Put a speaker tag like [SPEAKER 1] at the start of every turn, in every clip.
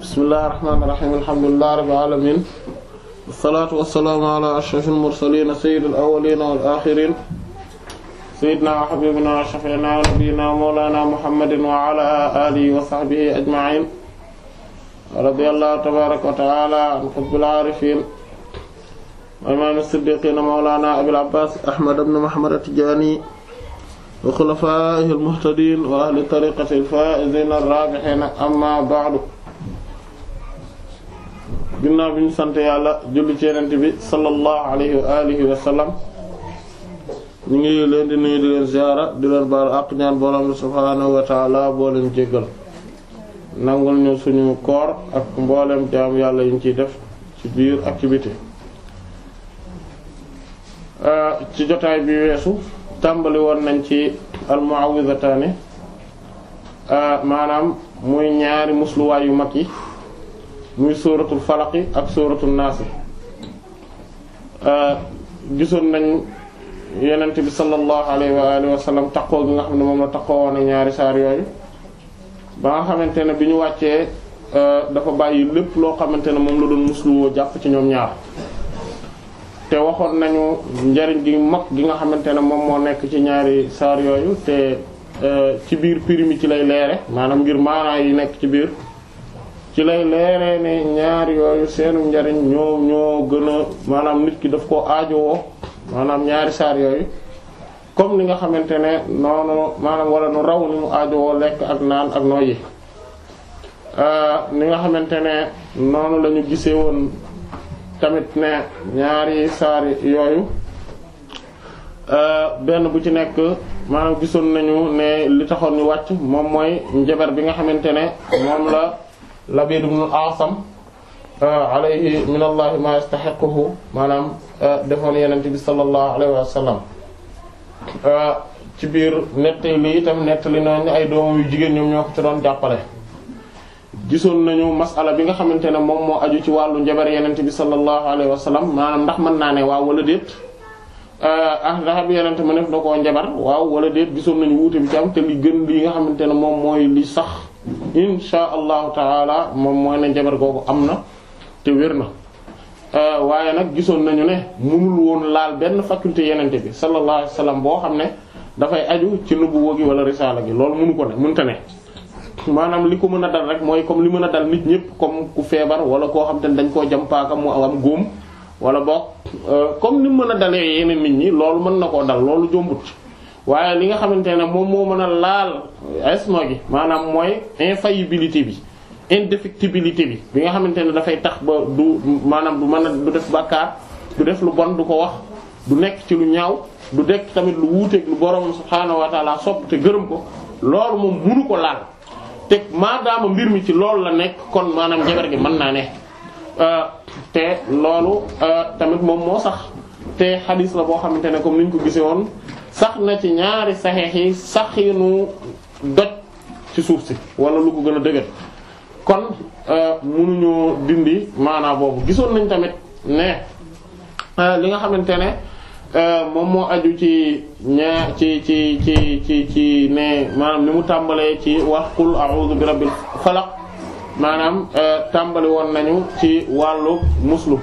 [SPEAKER 1] bismillahir rahmanir rahim alhamdulillahi rabbil alamin wassalatu wassalamu ala ashrafil mursalin sayyidil awwalin wal akhirin sayyidina wa habibina wa shafi'ina wa nabiyyina mawlana muhammadin wa ala alihi wa sahbihi ajma'in radiyallahu tabaraka wa ta'ala an hubbil arifin wa imam as-siddiqin mawlana abil abbas ahmad ibn muhammad at-tijani wa khulafa'ihil muhtadin wa ahli tariqati al-fa'izin ar-rabihin amma ba'du ginnaaw bi ñu sant yàlla julli ci yenent bi sallallahu alihi wa sallam ñu ngi leen di nuyu di leen ziyaara di leen baal ak ñaan borom subhaanahu wa taala boo jéggal nangul ñu suñu koor ak mbooleem jaam yàlla yi ñu ciy def ci biir activité ci jotaay bi weesu tàmbali woon nañ ci al-mu'awwidhataani maanaam muy ñaari musluwaay yu mag yi muy sóoratul falaqi ak sóoratul naasi euh, gisoon nañ yenent bi sallallahu alayhi wa alihi wa sallam gi nga xam ne moom la takkoo woon ak ñaari saar yooyu ba nga xamante ne bi ñu wàccee euh, dafa bàyyi lépp loo xamante ne moom la doon musluwoo jàpp ci ñoom ñaar te waxoon nañu njariñ gi mag gi nga xamante ne moom moo nekk ci ñaari saar yooyu te euh, ci biir primi ci lay leere maanaam ngir maanaa yi nekk ci biir ci lay leeree ne ñaar yooyu seenu njariñ ñoo ñoo gën a maanaam nit ki daf koo aajowoo maanaam ñaari saar yooyu comme ni nga xamante ne noonu wala nu raw ni mu lekk ak naan ak nooyi euh, ni nga xamante ne noonu lañu gisee woon tamit ne ñaari saar yooyu euh, benn bu ci nekk maanaam gisoon nañu ne li taxoon ñu wàcc moom mooy njabar bi nga xamante ne moom la Labiid ibn al-Asam ah, alayhi min allahi ma yastahiquhu maanaam ah, defoon yenent bi sallallahu alayhi wa ah, ci biir nettali li itam nettali nañu ay doomam yu jigéen ñoom ñoo ko ci doon jàppale gisoon nañu masala bi nga xamante ne moom moo aju ci wàllu njabar yenent bi sallallahu alayhi wa sallam maanaam ndax mën naa ne waaw wala déet ah ndax bi yenent ma nef da koo njabar waaw wala déet gisoon nañu wuute bi ci te li gën li nga xamante ne moom mooy li sax insha allahu taala moom mooy ne njabar googu am na te wér na euh, waaye nag gisoon nañu ne mënul woon laal benn faculté yenente bi sallallahu alayhi wasallam boo xam ne dafay aju ci nubuwa gi wala risaala gi loolu mënu ko ne mënta ne maanaam li ko mën a dal rek mooy comme li mën a dal nit ñëpp comme ku feebar wala koo xam te ne dañ koo jam paaka mu am góom wala boog euh, comme ni mën a dalee yeneen nit ñi loolu mën na koo dal loolu jombut waaye li nga xamante ne moom moo mën a laal isma gi maanaam mooy infaillibilité bi indéfectibilité bi bi nga xamante ne dafay tax ba du maanaam du mën a du def bàkkaar du def lu bon du ko wax du nekk ci lu ñaaw du dekk tamit lu wuuteeg lu borom subhaanahu wa sopp te gërëm ko loolu moom munu ko laal te maadaama mbir mi ci loolu la nekk kon maanaam jabar gi mën naa ne euh, te loolu euh, tamit moom moo sax te xadis la boo xamante ne comme niñ ko gisee woon sax na ci ñaari saxeex yi sax nu doj ci suuf si wala lu ko gën a dëgër kon euh, mënuñoo dindi maanaa boobu gisoon nañ tamit ne euh, li nga xamante ne euh, moom moo aju ci ñaar ci ci ci ci ci ne maanaam li mu tàmbalee ci wax qul a'udhu bi rabbil falaq maanaam tàmbali woon nañu ci wàllu muslu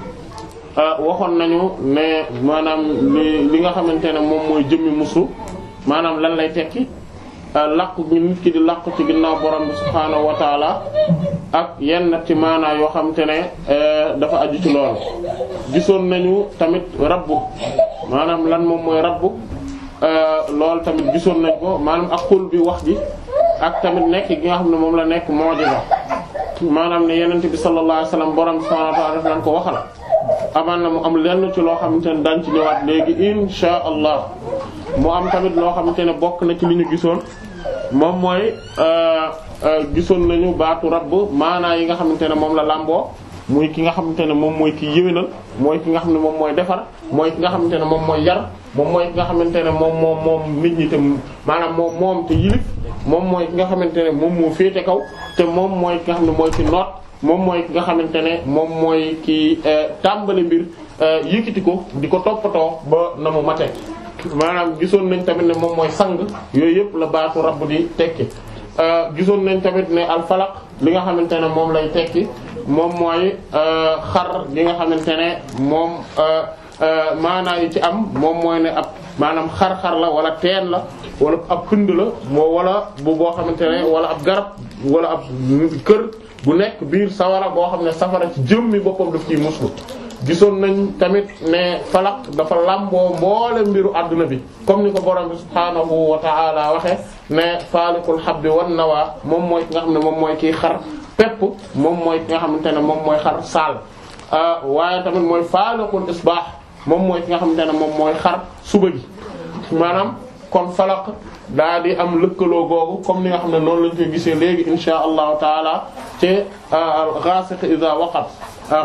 [SPEAKER 1] Euh, waxoon nañu ne maanaam li li nga xamante ne moom mooy jëmmi muslu maanaam lan lay tekki euh, làqu gi nit ki di làqu ci ginnaaw borom bi subhaanahu wa ak yenn ci maanaa yoo xamante ne euh, dafa aju ci loolu gisoon nañu tamit rabbu maanaam lan moom mooy rabbu loolu tamit gisoon nañ ko maanaam ak xul bi wax ji ak tamit nekk gi nga xam ne moom la nekk mu'jiza maanaam ne yenent bi sallallahu alayhi wasallam borom subhanahu wa ta'ala daf ko waxal amaan na mu am lenn ci loo xamante ne daan ci ñëwaat léegi insha allah mu am tamit loo xamante ne bokk na ci li ñu gisoon moom mooy euh, euh, gisoon nañu baatu rabb maanaa yi nga xamante ne moom la làmboo muy ki nga xamante ne moom mooy kii yéwénal mooy ki nga xam ne moom mooy defar mooy ki nga xamante ne moom mooy yar moom mooy ki nga xamante ne moom moom moom mit ñi te maanaam moom moom te yilif moom mooy ki nga xamante ne moom moo féete kaw te moom mooy ki nga xam noot moom mooy ki nga xamante ne moom mooy ki euh, tàmbali mbir euh, yëkkati ko di ko toppatoo ba na mu maanaam gisoon nañ tamit ne moom mooy sang yooyu yëpp la baatu rabb di tekki euh, gisoon nañ tamit ne alfalaq li nga xamante ne moom lay tekki moom mooy xar li nga xamante ne moom Euh, maanaa yi ci am moom mooy ne ab maanaam xar-xar la wala teen la wala ab pënd la moo wala bu boo xamante ne wala ab garab wala ab kër bu nekk biir sawara boo xam ne safara ci jëmmi boppam daf ciy muslu gisoon nañ tamit ne falak dafa làmboo mboole mbiru àdduna bi comme ni ko borom bi subhaanahu wa ta'ala waxe ne faalikul habbi wan nawaa moom mooy ki nga xam ne moom mooy kiy xar pepp moom mooy ki nga xamante ne moom mooy xar saal euh, waaye tamit mooy faalikul isbaax moom mooy ki nga xamante ne moom mooy xar suba gi maanaam kon falaq daa di am lëkkaloo googu comme ni nga xam ne noonu lañ koy gisee léegi insha allahu taala ci euh, al-ghasiq idha waqab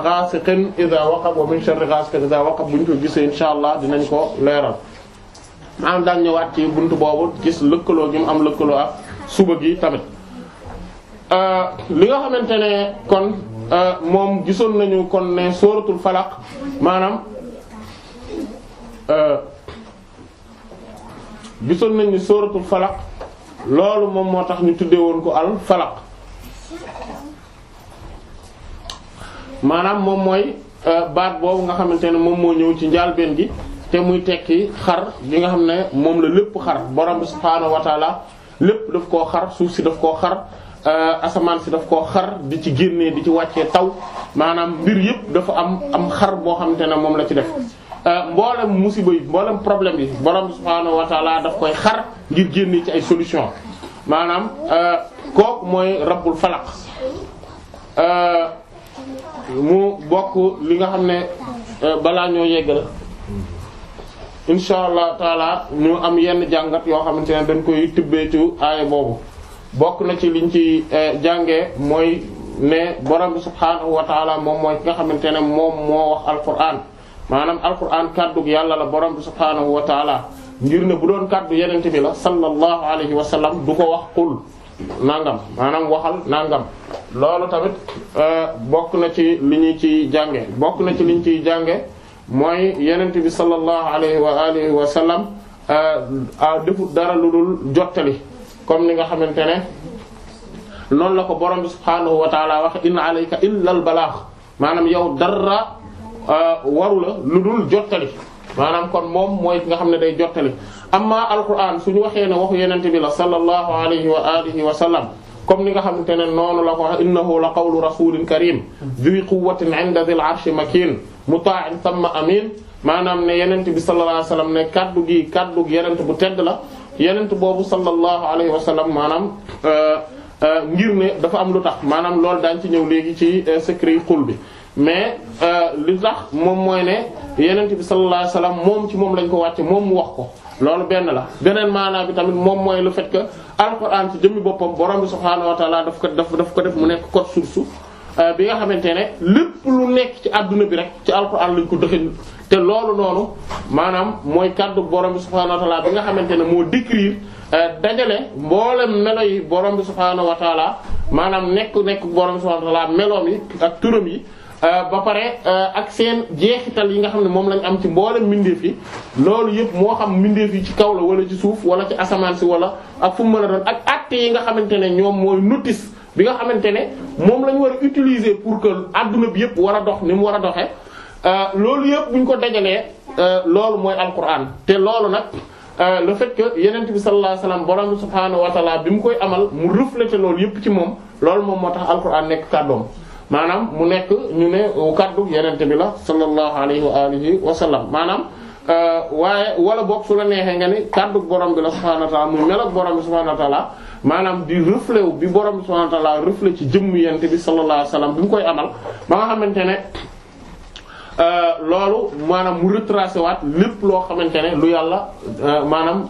[SPEAKER 1] ghasiqin idha waqab wa min sharri ghasiqin idha waqab allah dinañ ko leeral maanaam daan ñëwaat ci boobu gis lëkkaloo gi mu am lëkkaloo suba gi tamit euh, li nga xamante ne kon euh, moom gisoon nañu kon ne sóoratul maanaam Euh, gisoon nañ ni sóoratul falaq loolu moom moo tax ñu tuddee woon ko al falaq maanaam moom mooy euh, baat boobu nga xamante ne moom moo ñëw ci njaalbeen gi te muy tekki xar gi nga xam ne moom la lépp xar borom bi subhaanahu wa lépp daf koo xar suuf si daf koo xar euh, asamaan si daf koo xar di ci génnee di ci wàccee taw maanaam mbir yëpp dafa am am xar boo xamante ne moom la ci def Euh, mboolem musiba yi mboolem problème yi borom subhaanahu wa taala daf koy xar ngir génne ci ay solution maanaam euh, kooku mooy rabbul falaq euh, mu bokk li nga xam ne balaa ñoo yégal insha allah taala ñu am yenn jàngat yoo xamante ne dañ koy tibbeetu aaya boobu bokk na ci liñ ci jànge mooy ne borom bi subhaanahu moom mooy ki nga xamante ne moom moo wax alquran maanaam alquran kàddug yàlla la borom bi subhaanahu wa taala ngir ne bu doon kàddu yenente bi la sallallahu alayhi wa sallam du ko wax qul nangam maanaam waxal nangam loolu tamit euh, bokk na ci li ñu ciy jànge bokk na ci li ñu ciy jànge mooy yenente bi sallallahu alayhi wa alihi wa sallam euh, defut dara lu dul jottali comme ni nga xamante ne noonu la ko borom bi subhaanahu wa taala wax in alayka illa al balaax maanaam yow Euh, waru la lu dul jottali maanaam kon moom mooy nga xam ne day jottali amma alquran suñu waxee ne waxu yenente bi la sallallahu alayhi wa alihi wa sallam comme ni nga xamante ne noonu la ko wax innahu la qawlu rasulin karim dhi quwwatin 'inda dhil 'arshi makin muta'in thumma amin maanaam ne yenent bi sallallahu alayhi wa sallam ne kaddu gi kaddu gi bu tedd la yenent boobu sallallahu alayhi wa sallam maanaam euh, euh, ngir ne dafa am lu tax maanaam loolu daañ ci ñëw léegi ci secret xul bi mais euh, li tax moom mooy ne yenent bi sallallahu alayhi wasallam moom ci moom lañ ko wàcce moom mu wax ko loolu benn la beneen maanaa bi tamit moom mooy lu fait que alquran ci jëmmi boppam borom bi subhaanahu wa taala daf ko daf daf ko def mu nekk code source euh, bi nga xamante ne lépp lu nekk ci àdduna bi rek ci alquran lañ ko dëxin te loolu noonu maanaam mooy kàddu borom bi subhaanahu wa bi nga xamante ne moo décrire euh, dajale mboolem melo yi borom bi subhaanahu wa taala maanaam nekk nekk borom bi subhaanahu wa taala meloom yi ak turam yi Euh, ba pare euh, ak seen jeexital yi nga xam ne moom lañ am ci mboole mbindeef yi loolu yëpp moo xam mbindeef yi ci kaw la wala ci suuf wala ci asamaan si wala ak fu mën a doon ak actes yi nga xamante ne ñoom mooy notice bi nga xamante ne moom lañ war a utiliser pour que adduna bi yëpp war a dox ni mu war a doxee euh, loolu yëpp bu ñu ko dajalee loolu mooy alquran te loolu nag. loo fait que yenent bi sallallahu alayhi wasallam borom subhaanahu wa taala bi mu koy amal mu refléter loolu yëpp ci moom loolu moom moo tax alquran nekk kàddoom maanaam mu nekk ñu ne kàddu yenente bi la sallallahu alayhi wa alihi wa sallam maanaam euh, waaye wala boog su la neexee nga ni kaddu borom bi la subhaanahu wa ta'ala muy mel ak borom bi subhaanahu wa borom bi subhaanahu wa ci jëmm yenente bi sallallahu alayhi wa sallam bi koy amal ba nga xamante ne euh, loolu maanaam mu waat lépp loo xamante ne lu yàlla euh, maanaam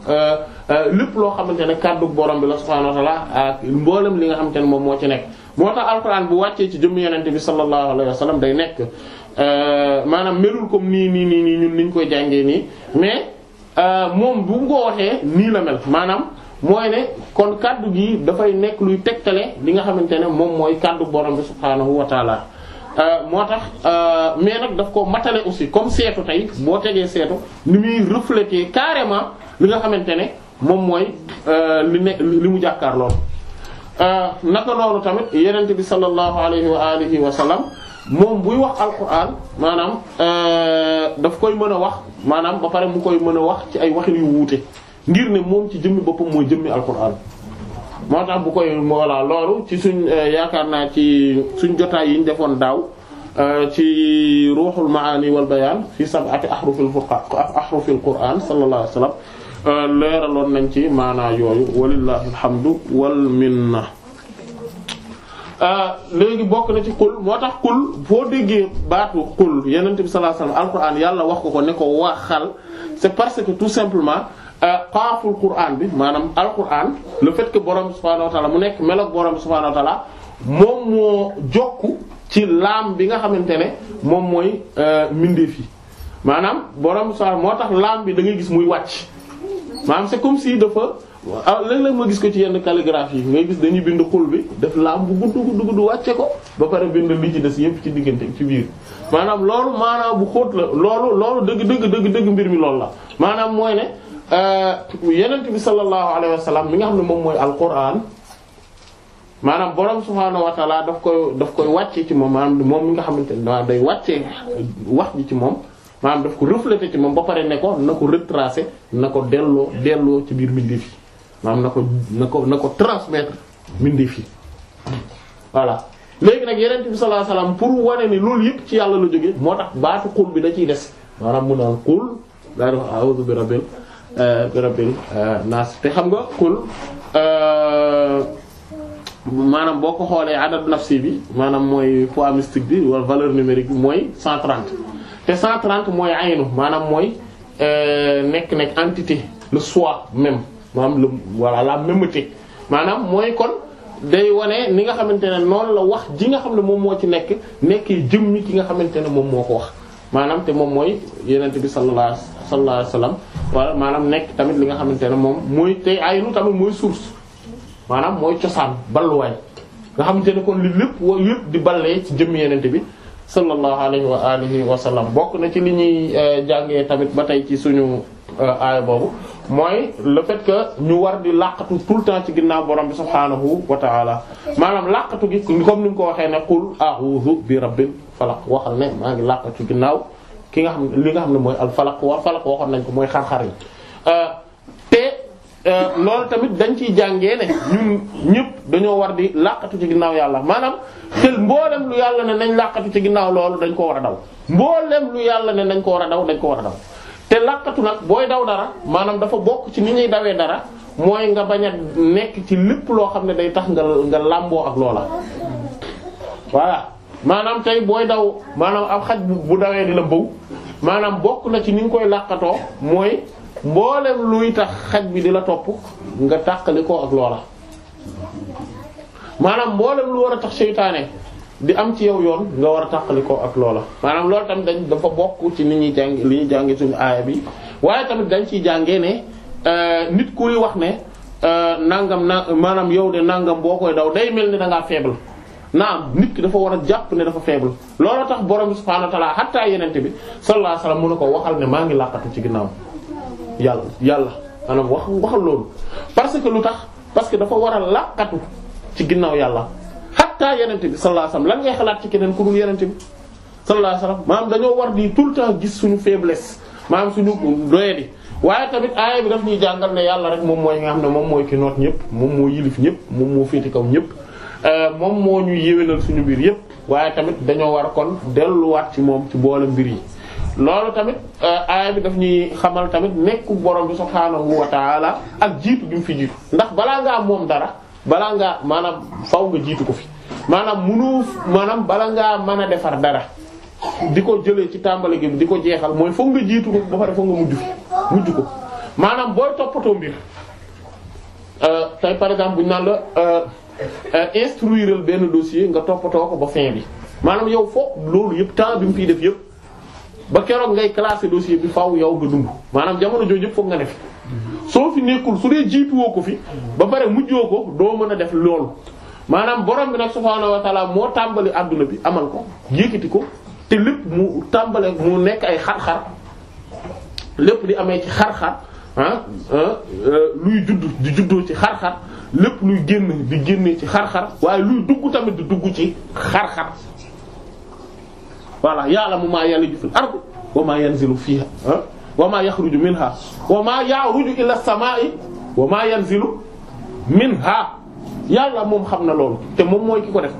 [SPEAKER 1] lépp loo xamante ne kaddu borom bi la mboolem li nga xamante ne moom moo ci nekk moo tax alxuraan bu wàccee ci jëmm yonent bi sallallahu alayhi wa sallam day nekk euh, maanaam melul comme nii nii nii nii ñun niñ koy jàngee nii mais euh, moom bu nga waxee nii la mel maanaam mooy ne kon kaddu gi dafay nekk luy tegtale li nga xamante ne moom mooy kaddu borom bi subhaanahu wa taala euh, moo tax mais nag daf ko matale aussi comme seetu tey boo tegee seetu ni muy refléter carrément li nga xamante ne moom mooy li ne li mu jàkkaar lool Euh, naka noonu tamit yeneen yenent bi sallallahu alayhi wa alihi wa sallam moom buy wax alquran maanaam euh, daf koy mën a wax maanaam ba pare mu koy mën a wax ci ay waxin yu wuute ngir ne moom ci jëmmi boppam mooy jëmmi alquran moo tax bu koy voilà loolu ci suñ euh, yaakaar naa ci suñ jotaa yi defoon daaw ci ruuxul maani wal bayaan fi sab'ati ahrufil furqan ahrufil quran sallallahu alayhi wa sallam leeraloon nañ ci maanaa yooyu walillahi alhamdu wal ah, léegi bokk na ci xul moo tax xul boo déggee baatu xul yenent bi sallallahu alayhi wasallam alquran yàlla wax ko ko ne ko waxal c'est parce que tout simplement ah, xaaful quran bi maanaam alquran le fait que borom subhanahu wa mu nekk melo borom subhanahu wa ta'ala moom moo jokku ci laam bi nga xamante ne moom mooy ah, mbindeef yi maanaam borom subhanahu moo tax laam bi da ngay gis muy wàcc maanaam c'est comme dafa ah léeg ma gis ko ci yenn calligraphie yi ngay gis dañuy bind xul bi def laam bu gudd gudd gudd wàcce ko ba pare bind li ci des yépp ci diggante ci biir maanaam loolu maanaam bu xóot la loolu loolu dëgg dëgg dëgg dëgg mbir mi loolu la maanaam mooy ne euh, yenent bi sallallahu alayhi wa sallam mi nga xam ne moom mooy alquran maanaam borom subhaanahu wa taala daf koy daf koy wàcce ci moom maanaam moom mi nga xamante ne day wàcce wax ji ci moom maanaam daf ko refléter ci moom ba pare ne ko na ko retracer na ko delloo delloo ci biir mbindeef yi maanaam na ko na ko na ko transmettre mbindeef yi voilà léegi nag yeneen bi sallallahu alayhi wasallam pour wane ni loolu yëpp ci yàlla la jógee moo tax baatu xul bi da ciy des maanaam mu naan xul daa di wax a'udhu bi rabbil euh, bi euh, te xam nga xul euh, maanaam boo ko xoolee adad nafsi bi maanaam mooy poids mystique bi wala valeur numérique bi mooy 130 te 130 mooy aynu maanaam mooy euh, nekk nekk entité le soi même maanaam le voilà la mêmeté maanaam mooy kon day wane ni nga xamante ne noonu la wax ji nga xam ne moom moo ci nekk nekkee jëmmi ki nga xamante ne moom moo ko wax maanaam te moom mooy yenente bi sallallahu sa alayhi wasallam wala maanaam nekk tamit li nga xamante ne moom mooy tey aynu tamit mooy source maanaam mooy cosaan balluwaay nga xamante ni kon li lépp wa yëpp di ballee ci jëm yenente bi sallallahu alayhi wa alihi wa salaam bokk na ci li ñuy euh, jàngee tamit ba tey ci suñu euh, aaya boobu mooy le fait que ñu war di làqatu tout le temps ci ginnaaw borom bi subhaanahu wa ta'ala maanaam làqatu gi comme ni mu ko waxee ne qul a'udhu bi rabbil falaq waxal ne maa ngi làqatu ci ginnaaw ki nga xam li nga xam ne mooy al falaq wa falaq waxoon nañ ko mooy xar yi euh, Euh, loolu tamit dañ ciy jàngee ne ñun ñëpp dañoo war di làqatu ci ginnaaw yàlla maanaam te mboolem lu yàlla ne nañ làqatu ci ginnaaw loolu dañ ko war a daw mboolem lu yàlla ne nañ ko war a daw dañ ko war a daw te làqatu nag booy daw dara maanaam dafa bokk ci ni ñuy dawee dara mooy nga bañ a nekk ci lépp loo xam ne day tax nga nga làmboo ak loola voilà maanaam tey booy daw maanaam ab xaj bu dawee di la bëw maanaam bokk na ci ni nga koy làqatoo mooy mboolem luy tax xaj bi di la topp nga tàqali ko ak loola maanaam mboolem lu war a tax seytaane di am ci yow yoon nga war a tàqali ko ak loola maanaam lool tamit dañ dafa bokk ci nit ñuy jàng li ñuy jànge suñu aaya bi waaye tamit dañ ciy jàngee ne euh, nit kuy wax ne euh, nangam na maanaam yow de nangam boo koy daw day mel ni dangaa ngaa faible naam nit ki dafa war a jàpp ne dafa faible loolu tax borom subhaanahu wa ta'aala hatta yenente bi sallallahu alayhi mu ne ko waxal ne maa ngi làqatu ci ginnaaw yàlla yàlla maanaam wax waxal loolu parce que lu tax parce que dafa war a làqatu ci ginnaaw yàlla xatta yenent bi sallallahu alayhi wasallam lan ngay xalaat ci keneen ku dul ti bi sallallahu alayhi wasallam dañoo war di tout le temps gis suñu faiblesse maanaam suñu doyadi waaye tamit aaya bi daf ñuy jàngal ne yàlla rek moom mooy nga xam ne moom mooy ki noot ñëpp moom moo yilif ñëpp moom moo féeti kaw ñëpp euh, moom moo ñuy yéwénal suñu biir yëpp waaye tamit dañoo war kon delluwaat ci moom ci boole mbir yi loolu tamit euh, aaya bi daf ñuy xamal tamit nekku borom bi subhaanahu wa taala ak jiitu gi mu fi jiitu ndax balaa ngaa moom dara balaa ngaa maanaam faw nga jiitu ko fi maanaam munu maanaam bala ngaa mën a defar dara di ko jëlee ci tàmbali gi di ko jeexal mooy foog nga jiitu ko ba pare foog nga mujj mujj ko maanaam booy toppatoo mbir euh, tey par exemple buñu naan la euh, instruire benn dossier nga toppatoo ko ba fin bi maanaam yow foofu loolu yëpp temps bi mu fiy def yëpp. ba keroog ngay classer dossier bi faw yow nga dund maanaam jamono jooju yëpp foog nga def soo fi nekkul su dee jiituwoo ko fi ba pare mujjoo ko doo mën a def lool maanaam borom bi nag subhaanahu wa ta'ala moo tàmbali àdduna bi amal ko yékkati ko te lépp mu tàmbale mu nekk ay xar-xar lépp di amee ci xar-xar ah, ah, euh, luy judd di juddoo ci xar-xar lépp luy génn di génne ci xar-xar waaye luy dugg tamit dugg ci xar-xar voilà yàlla ma yaliju fil ardi wa ma yanzilu fiha wa ma yakhruju minha wa ma ya'ruju ila as-sama'i wa ma yanzilu yàlla moom xam na loolu te moom mooy ki ko def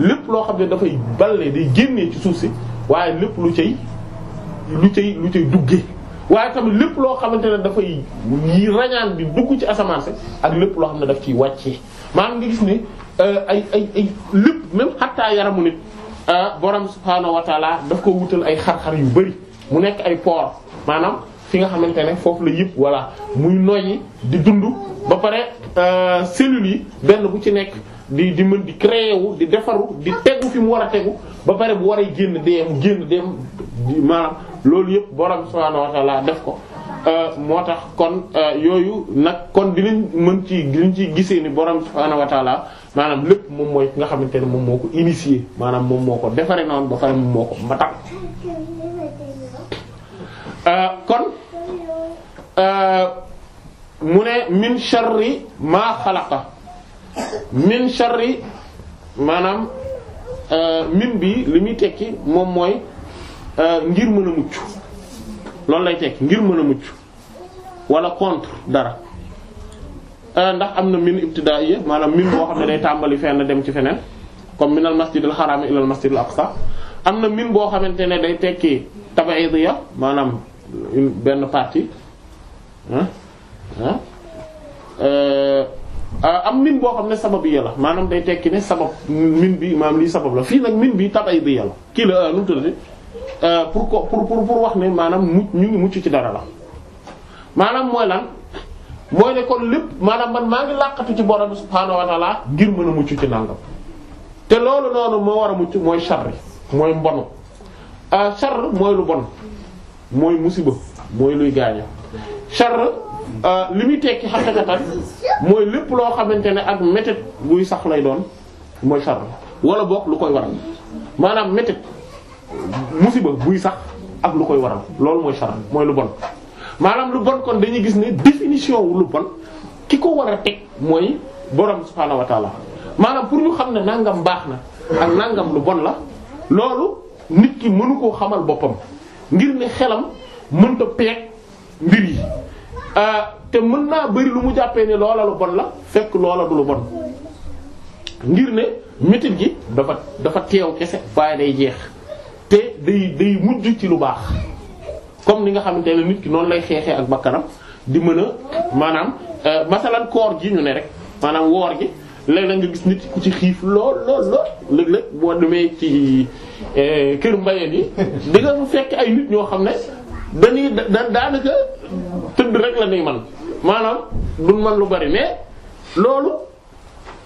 [SPEAKER 1] lépp loo xam ne dafay balle di génnee suuf si waaye lépp lu cay lu cay lu cay duggee waaye lépp loo xamante ne dafay yi bi dugg ci asamaan si ak lépp loo xam ne daf ciy wàccee maanaam nga gis euh, même xattaa yaramu nit Euh, borom subhaanahu daf ko wutal ay xar-xar yu bëri mu nekk ay port maanaam fi nga xamante ne foofu la yëpp voilà muy noyyi di dund ba pare euh, cellules yi benn bu ci nekk di di mën di créer wu di defaru di tegu fi mu war a tegu ba pare bu waree génn dee mu génn dee maanaam loolu yëpp borom subhaanahu wa def ko. Euh, moo tax kon yooyu nag kon dinañ mën ci dinañ ci gisee ni borom subhaanahu maanaam lépp moom mooy ki nga xamante ne moom moo ko initié maanaam moom moo ko defaree noonu ba pare moom moo ko matal euh, kon euh, mu ne min sharri maa xalaqa min sharri maanaam euh, min bi li muy tekki moom mooy ngir mën a mucc loolu lay tekki ngir mën a mucc wala contre dara Euh, ndax am na min ibtidaa'iyya maanaam min boo xam ne day tàmbali fenn dem ci feneen comme minal masjidil xaraam ilal masjidil aqsa am na min boo xamante ne day tekki tabaidiyya maanaam benn partie ah ah am min boo xam ne sababiyya la maanaam day tekki ne sabab min bi maam lii sabab la fii nag min bi tabaidiyya la kii la nu mu pour pour pour wax ne maanaam mu ñu ngi mucc ci dara la maanaam mooy lan. mooy ne kon lépp maanaam man maa ngi làqatu ci borom subhaanahu wa ta'ala ngir mën a mucc ci nangam te loolu noonu moo war a mucc mooy charri mooy mbon ah charr mooy lu bon mooy musiba mooy luy gaaña charr euh, li muy tekki xaqiqatan mooy lépp loo xamante ne ak métit buy sax lay doon mooy charr wala boog lu koy waral maanaam métit musiba buy sax ak lu koy waral loolu mooy charr mooy lu bon maanaam lu bon kon dañuy gis ne définition wu lu bon ki ko war a teg mooy borom subhaanahu wa taala maanaam pour lu xam ne nangam baax na ak nangam lu bon la loolu nit ki mënu koo xamal boppam ngir ne xelam mënta peeg mbir yi euh, te mën naa bari lu mu jàppee ne loola lu bon la fekk loola du lu bon ngir ne metit gi dafa dafa teew kese waaye day jeex te day day mujj ci lu baax comme ni nga xamante ne nit ki noonu lay xeexee ak bakkanam di mën a maanaam euh, masalan koor gi ñu ne rek maanaam woor gi léeg-léeg nga gis nit ku ci xiif lool lool lool léeg-léeg boo demee ci euh, kër mbayeen yi di fekk ay nit ñoo xam ne dañuy da daanaka tëdd rek la man maanaam duñ man lu bari mais loolu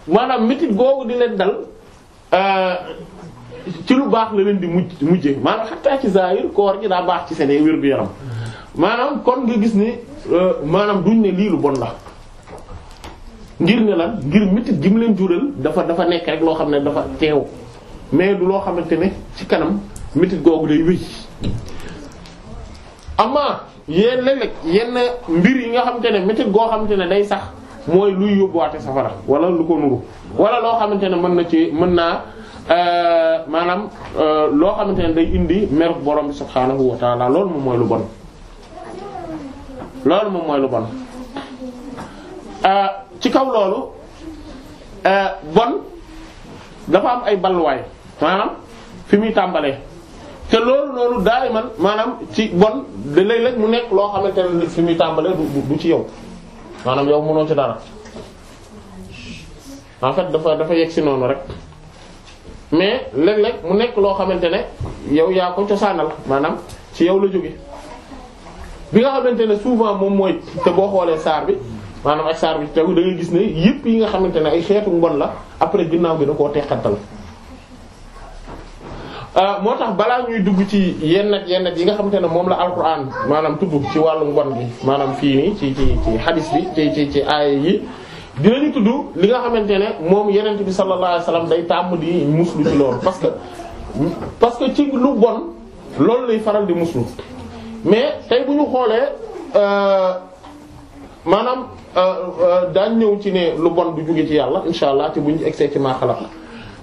[SPEAKER 1] maanaam métit googu di leen dal euh, ci lu baax la leen di mujj mujje maanaam xattaa ci zahir koor gi daa baax ci seen wér-gu-yaram maanaam kon nga gis ni euh, maanaam duñ ne lii lu bon la ngir ne la ngir métit gi mu leen jural dafa dafa nekk rek loo xam ne dafa teew mais lu loo xamante ne ci kanam métit googu day wéy amaa yenn léeg yenn mbir yi nga xamante ne métit goo xamante ne day sax mooy luy yóbbuwaate safara wala lu ko nuru wala loo xamante ne mën na ci mën naa Euh, maanaam euh, loo xamante ne day indi meruk borom bi subhaanahu wa taala loolu moom mooy lu bon loolu moom mooy lu bon euh, ci kaw loolu bon dafa am ay balluwaay maanaam fi muy tàmbalee te loolu loolu daay man maanaam ci bon da léeg mu nekk loo xamante ne fi muy tàmbalee du du ci yow maanaam yow mënoo ci dara en fait dafa dafa yegg si noonu rek mais léeg-léeg mu nekk loo xamante ne yow yaa ko cosaanal maanaam ci yow la jóge bi nga xamante ne souvent moom mooy te boo xoolee saar bi maanaam ak saar bi tegu da gis ne yépp yi nga xamante ne ay xeetu mbon la après ginnaaw gi da koo teqantal euh, moo tax balaa ñuy dugg ci yenn yenn yi nga xamante ne moom la alquran maanaam tudd ci wàllu mbon gi maanaam fii nii ci ci ci bi ci ci aaya yi dinañu tudd li nga xamante ne moom yenent bi sallallahu alayhi wasallam day tàmm di muslu ci loolu parce que parce que ci lu bon loolu lay faral di muslu mais tey bu ñu xoolee euh, maanaam euh, euh, daañ ñëw ci ne lu bon du jóge ci yàlla insha allah ci bu ñu egsee ci maa la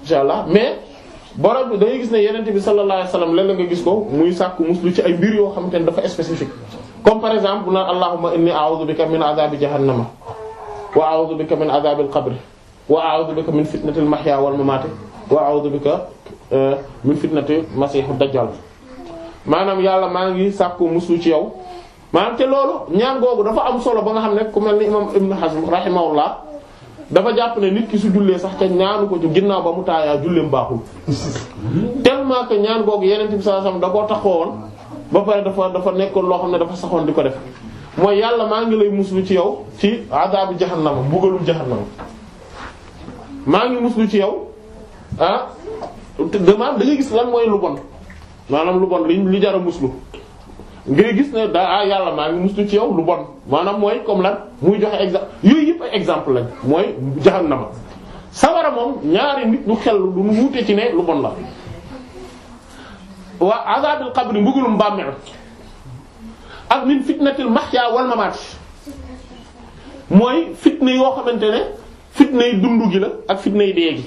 [SPEAKER 1] insha allah mais borom bi dangay gis ne yenent bi sallallahu alayhi wasallam léeg-léeg nga gis ko muy sàkku muslu ci ay mbir yoo xamante ne dafa spécifique comme par exemple bu naan allahumma inni a'udhu bika min adhabi jahannama wa a'udhu bika min adhabil qabr wa a'udhu bika min fitnatil mahya wal mamati wa a'udhu bika eh, min fitnati masiihud dajjal maanaam yàlla maa ngi sàkku musu ci yow maanaam te loolu ñaan googu dafa am solo ba nga xam ne ku mel ni imam ibn Hazm rahimahullah dafa jàpp ne nit ki su jullee sax te ñaanu ko ci ginnaaw ba mu taayaa julleem baaxul tellement que ñaan googu yeneen bi sallallahu alayhi wasallam da koo taxawoon ba pare dafa dafa nekkoon loo xam ne dafa saxoon di ko mooy yàlla maa ngi lay muslu ci yow ci adaabu jahannama mbugalum jahannama maa ngi muslu ci yow ah demaam da gis lan mooy lu bon maanaam lu bon li li jara a muslu ngay gis ne daa ah yàlla maa ngi muslu ci yow lu bon maanaam mooy comme lan muy joxe exemple yooyu yëpp ay exemple lañ mooy jahannama sawara moom ñaari nit ñu xel du ñu wuute ci ne lu bon la waa azabul qabri mbugalum bàmmeel ak min fitnatil mahya wal mamat mooy fitna yoo xamante ne fitna yi dund gi la ak fitna yi dee gi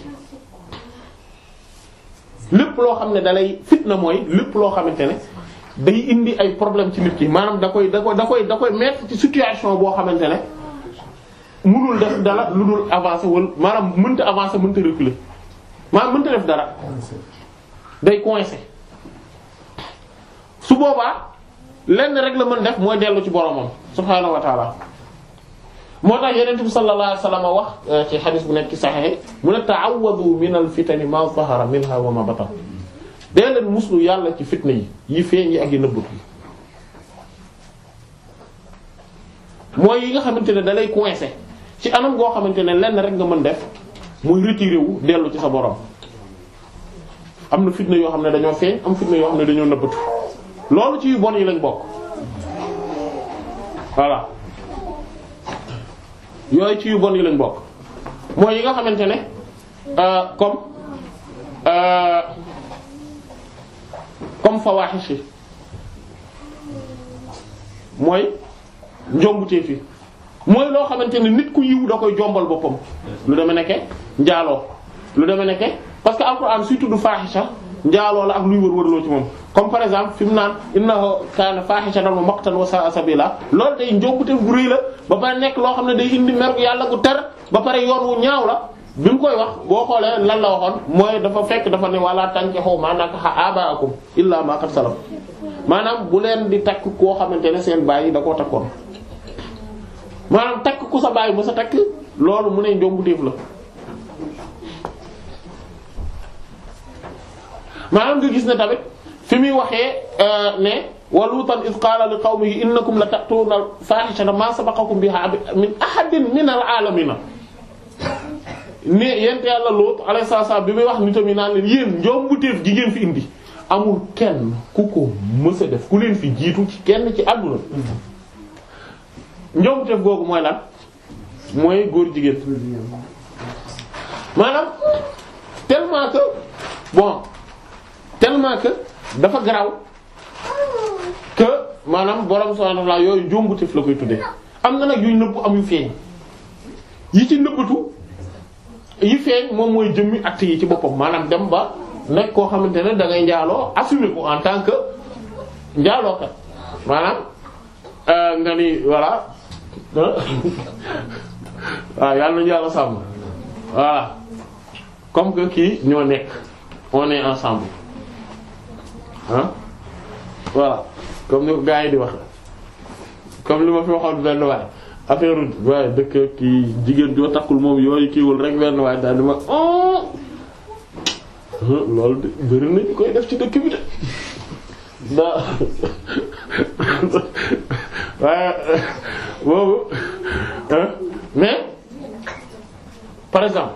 [SPEAKER 1] lépp loo xam ne dalay fitna mooy lépp loo xamante ne day indi ay problème ci nit ki maanaam da koy da koy da koy da koy mettre ci situation boo xamante ne mënul def dara lu dul avancer wala maanaam mënta avancer mënta reculer maanaam mënta def dara day coincé su boobaa lenn rek la mën def mooy dellu ci boromam subhaanahu wa taala moo tax yonent bi sallallahu wax euh, ci xadis bu nekk ci saxexe mu ne ta'awwadu min al fitani ma zahara minha wa ma batan dee leen muslu yàlla ci fitna yi yi feeñ yi ak yi nëbbatu yi mooy yi nga xamante ne dalay lay ci anam goo xamante ne lenn rek nga mën def muy retiré wu dellu ci sa borom am na fitna yoo xam ne dañoo feeñ am fitna yoo xam ne dañoo nëbbatu loolu ci yu bon yi lañ bokk voilà yooyu ci yu bon yi lañ bokk mooy yi nga xamante ne euh, comme euh, comme fawaaxish yi mooy njombutee fi mooy loo xamante ne nit ku yiw da koy jombal boppam lu deme nekke njaaloo lu deme nekke parce que am alxuraan surtout du faaxisha njaaloo la ak luy wër wërloo ci moom comme par exemple fi mu naan innahu kaana faahishatan wa maqtan wa saa'a sabiila loolu day njóobuteef bu la ba pare nekk loo xam ne day indi mer yàlla gu tar ba pare yoon wu ñaaw la bi mu koy wax boo xoolee lan la waxoon mooy dafa fekk dafa ne wala tankihu maa nakaha aabaa'ukum illaa maa maanaam bu leen di takk koo xamante ne seen baay yi da koo takkoon maanaam takk ku sa baay ba sa takk loolu mu ne njóobuteef la. maanaam nga gis ne tamit. fi muy waxee euh, ne wa Luutan iz qaala li qawmihi innakum la ta'tuuna al-faahishata maa sabaqakum bihaa min ahadin min al-'aalamiina ne yàlla Luut alayhi salaam bi muy wax nitam yi naan leen yéen njombuteef gi fi indi amul kenn ku ko mës def ku leen fi jiitu ci kenn ci àdduna njombuteef googu mooy lan mooy góor jigéen maanaam tellement que bon tellement que dafa garaw que maanaam borom subhaanahu wa ta'ala yooyu njombutif la koy tuddee am na nag yuy nëbbu am yu feeñ yi ci nëbbatu yi feeñ moom mooy jëmmi acte yi ci boppam maanaam dem ba nekk koo xamante ne dangay ngay njaaloo assumer ko en tant que njaaloo kat maanaam euh, nga ni voilà waaw yàlla nañu yàlla sàmm voilà comme que kii ñoo nekk on est ensemble. ah voilà comme ni ko gars yi di wax comme li ma fi waxoon benn waaye affaire waaye dëkk ki jigéen joo takkul moom yooyu kiiwul rek benn waaye daal di ma oh loolu bëri nañu koy def ci dëkk bi de daa waaye boobu mais par exemple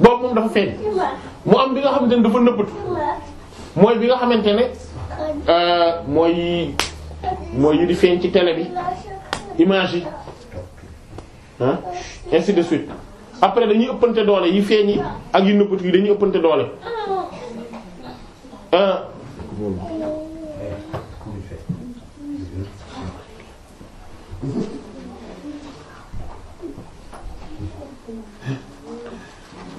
[SPEAKER 1] boobu moom dafa feeñ mu am bi nga xamante ne dafa nëbbatu mooy bi nga xamante ne euh, mooy mooy yu di feeñ ci télé bi image yi ah de suite après dañuy ëppante doole yi feeñ yi ak yu nëbbatu yi dañuy ëppante doole euh,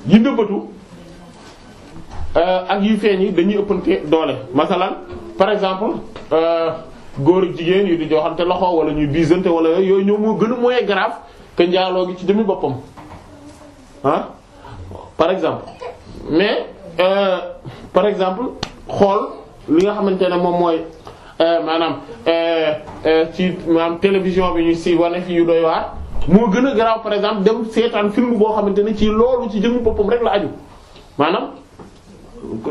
[SPEAKER 1] yi nëbbatu Euh, ak yu feeñ yi dañuy ëppante doole masalan par exemple euh, góor ak jigéen yu di joxante loxo wala ñuy biisante wala yooyu ñoo moo gën a moyen grave que njaaloo gi ci jëmmi boppam par exemple mais euh, par exemple xool li nga xamante ne moom mooy maanaam ci maanaam télévision bi ñu si wane fi yu doy waar moo gën a garaaw par exemple dem seetaan film boo xamante ne ci loolu ci jëmmi boppam rek la aju maanaam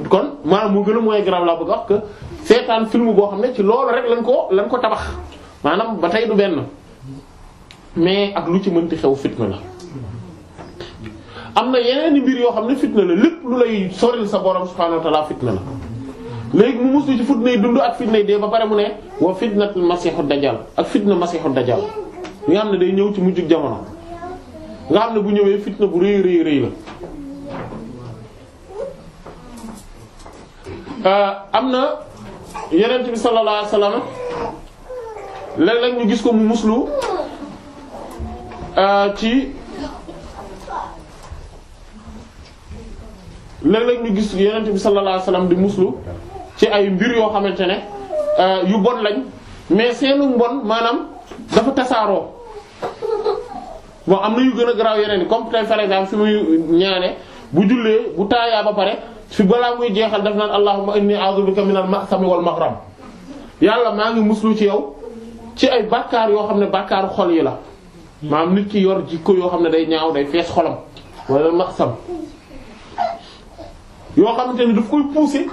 [SPEAKER 1] kon maanaam mu gën mooy grave laa bëgg wax que seetaan film boo xam ne ci loolu rek lañ ko lañ ko tabax maanaam ba tey du benn mais ak lu ci mënti xew fitna la. am na yeneen yi mbir yoo xam ne fitna la lépp lu lay soril sa borom subhaanahu wa ta'aala fitna la léegi mu muslu ci fitnay dund ak fitnay dee ba pare mu ne wa fitnatul masiixu dajjal ak fitna masiixu dajjal mi nga xam ne day ñëw ci mujjug jamono nga xam ne bu ñëwee fitna bu rëy rëy rëy la. Euh, am na yonent bi sallallahu alayhi wasallam léeg ñu gis ko mu muslu euh, ci léeg-léeg ñu gis yonent bi sallallahu alayhi di muslu ci ay mbir yoo xamante ne euh, yu bon lañ mais seenu mbon maanaam dafa tasaaroo bon am na yu gën a garaaw yeneen comme tey par exemple fi muy ñaane bu jullee bu taayaa ba pare. fi balaa muy jeexal daf naan allahumma inni a'udhu bika minal ma'sami wal maghram yàlla maa ngi muslu ci yow ci ay bàkkaar yoo xam ne bàkkaaru xol yi la maam nit ki yor jikko yoo xam ne day ñaaw day fees xolam wala maxsam yoo xamante ni daf koy pousser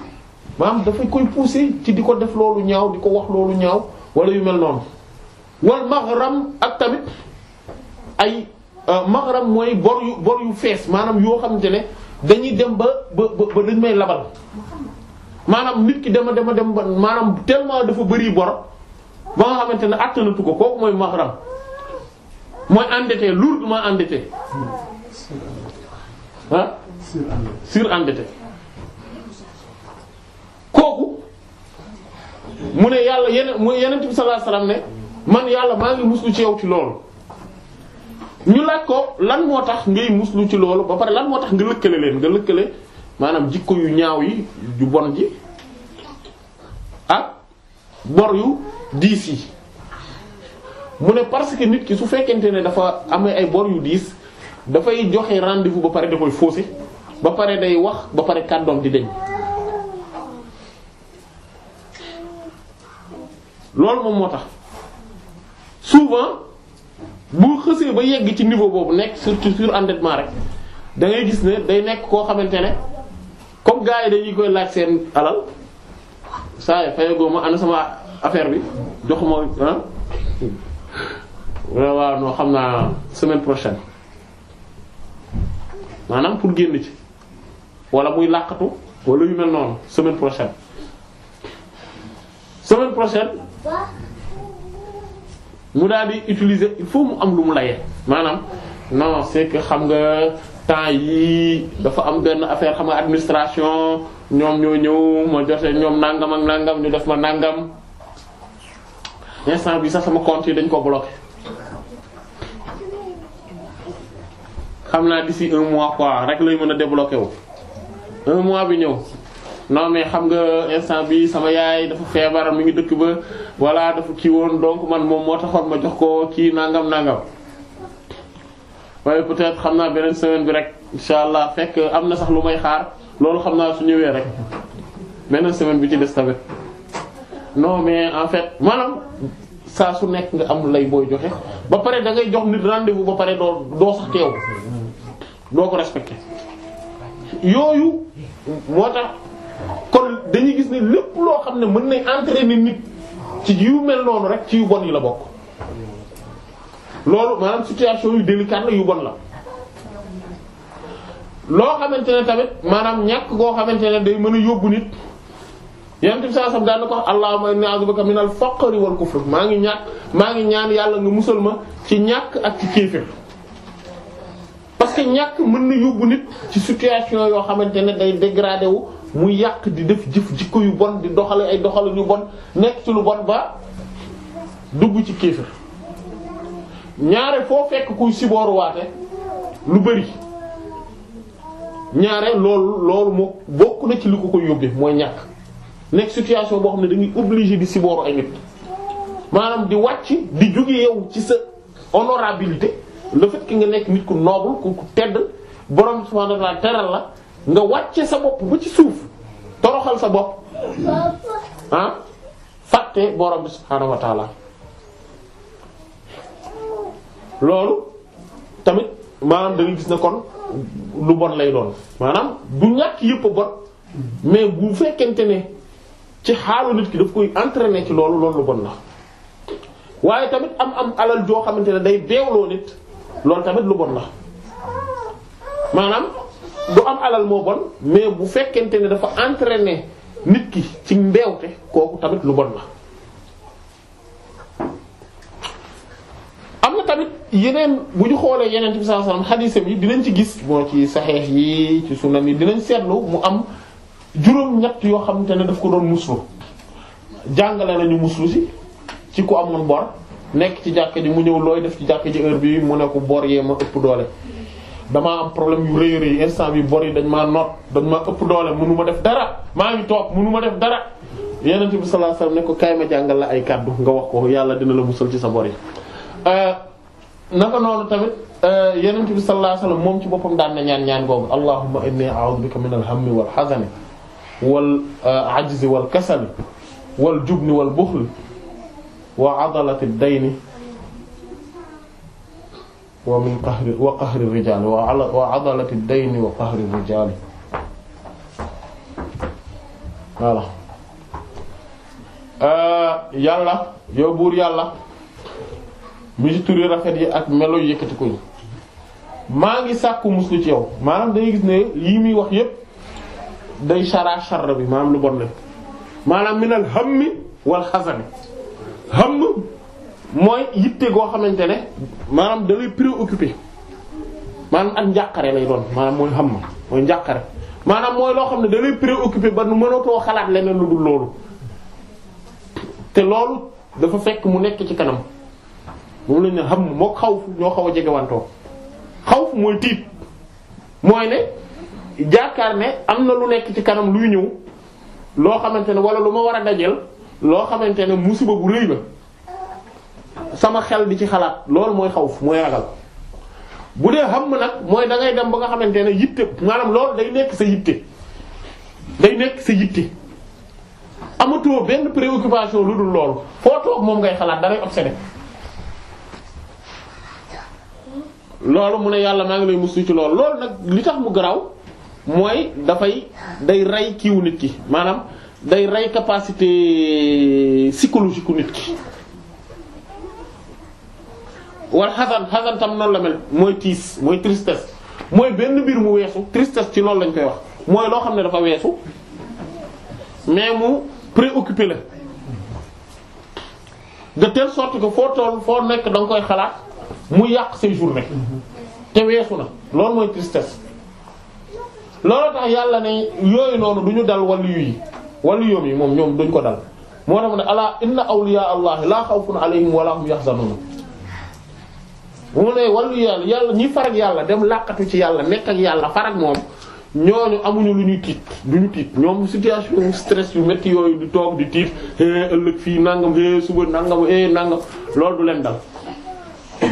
[SPEAKER 1] maam dafay koy pousser ci di ko def loolu ñaaw di ko wax loolu ñaaw wala yu mel noonu wal maxram ak tamit ay euh, maxram mooy bor yu bor yu fees maanaam yoo xamante ne dañuy dem ba ba ba dañ may labal maanaam nit ki dema dema dem ba maanaam tellement dafa bëri bor ba nga xamante ne attanatu ko kooku mooy mahram mooy endetté lourdement endetté ah sur endetté kooku mu ne yàlla yeneen mu yeneen bi ne man yàlla maa ngi muslu ci yow ci loolu ñu laaj ko lan moo tax ngay muslu ci loolu ba pare lan moo tax nga lëkkale leen nga lëkkale maanaam jikko yu ñaaw yi ju bon ji ak bor yu diis yi mu ne parce que nit ki su fekkente ne dafa amee ay bor yu diis dafay joxe rendez ba pare da koy fausser ba pare day wax ba pare kàddoom di deñ loolu moom moo tax bu xësee ba yegg ci niveau boobu nekk surtout sur endettement rek da ngay gis ne day nekk koo xamante ne comme gars yi dañuy koy laaj seen alal saa yi fayagoo ma ana sama affaire bi joxuma ah, waaw noo xam naa semaine prochaine maanaam pour génn ci wala muy làqatu wala yu mel noonu semaine prochaine semaine prochaine mu daal di utiliser il faut mu am lu mu layee maanaam non c'est que xam nga temps yi dafa am benn affaire xam nga administration ñoom ñoo ñëw ma jote ñoom nangam ak nangam ñu def ma nangam instant bi sax sama compte yi dañ ko bloqué xam naa d'ici un mois quoi rek lay mën a débloqué wu un mois bi ñëw non mais xam nga instant bi sama yaay dafa feebar mi ngi dëkk ba voilà dafa ci woon donc man moom moo taxoon ma jox ko kii nangam nangam waaye peut-être xam naa beneen semaine bi rek incha allah fekk am na sax lu may xaar loolu xam naa su ñëwee rek beneen semaine bi ci des tamit non mais en fait maanaam saa su nekk nga amul lay booy joxe ba pare da ngay jox nit rendez-vous ba pare doo doo sax teew doo ko respecté yooyu moo tax. kon dañuy gis ni lépp loo xam ne mën nañ entraîner nit ci yu mel noonu rek ci yu bon yi la bokk loolu maanaam situation yu délicate la yu bon la loo xamante ne tamit maanaam ñàkk goo xamante ne day mën a yóbbu nit yent bi saa sam daan na ko wax allahumma inni a'udubika minal faqri wal maa ngi ñàkk maa ngi ñaan yàlla nga musal ma ci ñàkk ak ci kéefër parce que ñàkk mën na yóbbu nit ci situation yoo xamante ne day dégradé wu mu yàq di def jëf jikko yu bon di doxale ay doxal yu bon nekk ci lu bon ba dugg ci kéefër ñaare foo fekk kuy sibooruwaate lu bari ñaare loolu loolu moo bokk na ci li ko ko yóbbee mooy ñàkk nekk situation boo xam ne dañuy obligé di sibooru ay nit maanaam di wàcc di jóge yow ci sa honorabilité le fait nga nekk nit ku noble ku tedd borom subhanahu wa ta'ala teral la nga wàcce sa bopp ba ci suuf toroxal sa bopp ah fàtte borom bi subhaanahu wa loolu tamit maanaam da nga gis ne kon lu bon lay doon maanaam du ñàkk yëpp a bon mais bu fekkente ne ci xaalu nit ki daf koy entraîner ci loolu loolu lu bon la waaye tamit am am alal joo xamante ne day beewloo nit loolu tamit lu bon la maanaam du am alal moo bon mais bu fekkente ne dafa entraîner nit ki ci mbeewte kooku tamit lu bon la. am na tamit yeneen bu ñu xoolee yeneen ci sallallahu alayhi wasallam xadiisam yi dinañ ci gis moo ci saxeex yi ci sunan yi dinañ seetlu mu am juróom-ñett yoo xamante ne daf ko doon muslu jàngale nañu muslu si ci ku amoon bor nekk ci jàkka ji mu ñëw looy def ci jàkka ji heure bi mu ne ko bor yee ma ëpp doole. damaa am problème yu rëy rëy instant bi bor yi dañ maa noot dañ maa ëpp doole mënu ma def dara maa ngi toog mënu def dara yeneen bi sallallahu alayhi wasallam ne ko kaay ma jàngal la ay kàddu nga wax ko yàlla dina la musal ci sa bor yi. Euh, naka noonu tamit euh, yeneen bi sallallahu alayhi wasallam moom ci boppam daan na ñaan ñaan googu allahumma inni a'udhu bika min al-hammi wal hazani euh, wal ajzi wal kasali wal jubni wal bukhli wa 'adalati wa min qahri wa qahri rijaal wa ala wa adalati dayni wa qahri rijaal voilà euh, yàlla yow buur mi turi rafet yi ak melo yëkkati ko maa ngi sàkku muslu ci yow maanaam day gis ne lii muy wax yépp day saraa sarra bi maanaam lu bon la maanaam min al hammi wal hazani hamm mooy yitte goo xamante ne maanaam dalay lay préoccupé maanaam ak njàqare lay doon maanaam mooy xam ma mooy njàqare maanaam mooy loo xam ne da lay préoccupé ba nu mënatoo xalaat leneen lu dul loolu te loolu dafa fekk mu nekk ci kanam moom lañ ne xam mook xaw fu ñoo xaw a jegewantoo xaw fu mooy tiit mooy ne jàkkaar ne am na lu nekk ci kanam luy ñëw loo xamante ne wala lu ma war a dajeel loo xamante ne musiba bu rëy la sama xel di ci xalaat loolu mooy xawf mooy ragal bu dee xam nag mooy da ngay dem ba nga xamante ne yitte maanaam loolu day nekk sa yitte day nekk sa yitte amatoo benn préoccupation lu dul loolu foo toog moom ngay xalaat da ngay obsédé loolu mu ne yàlla maa ngi lay mustu ci loolu loolu nag li tax mu garaw mooy dafay day rey kiiw nit ki maanaam day rey capacité psychologique nit ki wal xasan xasan tam noonu la mel mooy tiis mooy tristesse mooy benn mbir mu weesu tristesse ci loolu lañ koy wax mooy loo xam ne dafa weesu mais mu préoccupé la de telle sorte que foo toll foo nekk da nga koy xalaat mu yàq say journée te weesu na loolu mooy tristesse loolu tax yàlla ne yooyu noonu du ñu dal waliyu yi waliyoom yi moom ñoom duñ ko dal moo tax mu ne alaa inna awliyaa allahi laa xawfun alayhim wa laa hum yahzanuun mu ne wàllu yàlla yàlla ñi farak yàlla dem làqatu ci yàlla nekk ak yàlla farak moom ñooñu amuñu lu ñuy tiit duñu tiit ñoom situation stress yu métti yooyu di toog di tiit ëllëg fii nangam é suba nangam é nangam loolu du leen dal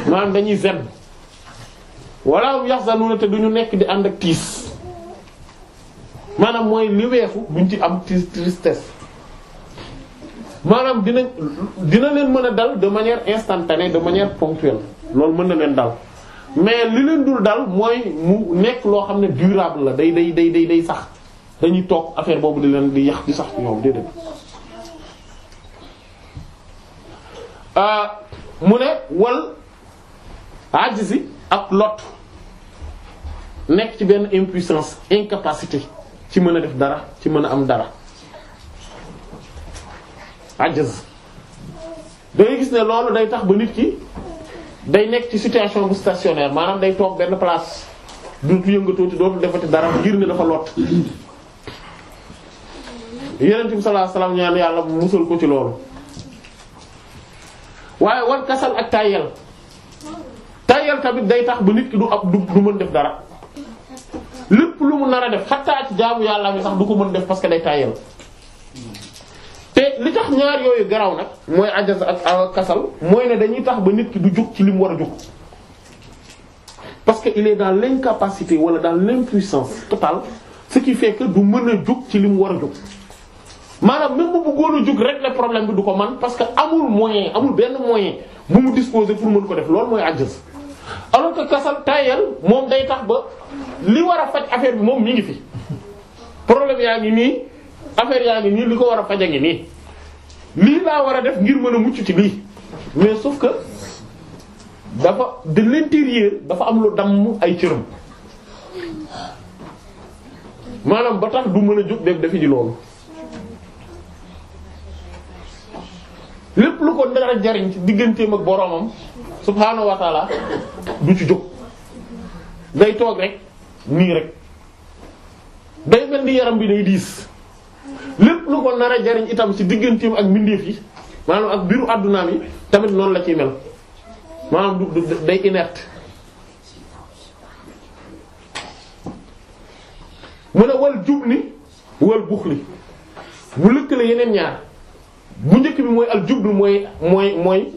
[SPEAKER 1] maanaam dañuy zen wala yaxzanuna te duñu nekk di ànd ak tiis maanaam mooy li weefu duñ ci am tristesse maanaam dinañ dina leen mën a dal de manière instantanée de manière ponctuelle loolu mën na leen dal mais li leen dul dal mooy mu nekk loo xam ne durable la day day day day day sax dañuy toog affaire boobu di leen di yàq di sax ci ñoom déedéet. Euh, mu ne wal ajzi ak lot nekk ci benn impuissance incapacité ci mën a def dara ci mën a am dara. ajaz dangay gis ne loolu day tax ba nit ki day nekk ci situation bu stationnaire maanaam day toog benn place dootu yëngatooti dootu defati dara ngir ne dafa lot yeneen bi sallallahu alayhi ñaan yàlla bu musal ko ci loolu waaye wan kasal ak tayel tayel tamit day tax ba nit ki du ab du mën def dara lépp lu mu nar a def xataa ci jaamu yàlla mi sax du ko mën def parce que day tayel li tax ñaar yooyu garaw nag mooy ajas ak kasal mooy ne dañuy tax ba nit ki du jug ci li mu war a jug parce que il est dans l'incapacité wala dans l'impuissance totale ce qui fait que du mën a jug ci li mu war a jug maanaam même bu bëggoon jug rek le problème bi du ko man parce que amul moyen amul benn moyen bu mu disposer pour mën ko def loolu mooy ajas alors que kasal tayal moom day tax ba li war a faj affaire bi moom mi ngi fi problème yaa ngi affaire yaa ngi nii li ko war a faj lii laa war a def ngir mën a mucc ci lii mais sauf que dafa de l'intérieur dafa am lu damm ay cëram maanaam ba tax du mën a jóg def defi ji loolu lépp lu ko nar jariñ ci digganteem ak boroomam subhaanahu wa taala du ci jóg day toog rek nii rek day mel yaram bi day diis lépp lu ko nar a jariñ itam ci digganteem ak mbindeef yi maanaam ak biiru àddunaam yi tamit noonu la ci mel maanaam du day inerte mu ne wal jub wal bux li bu lëkkale yeneen ñaar bu njëkk bi mooy al jublu mooy mooy mooy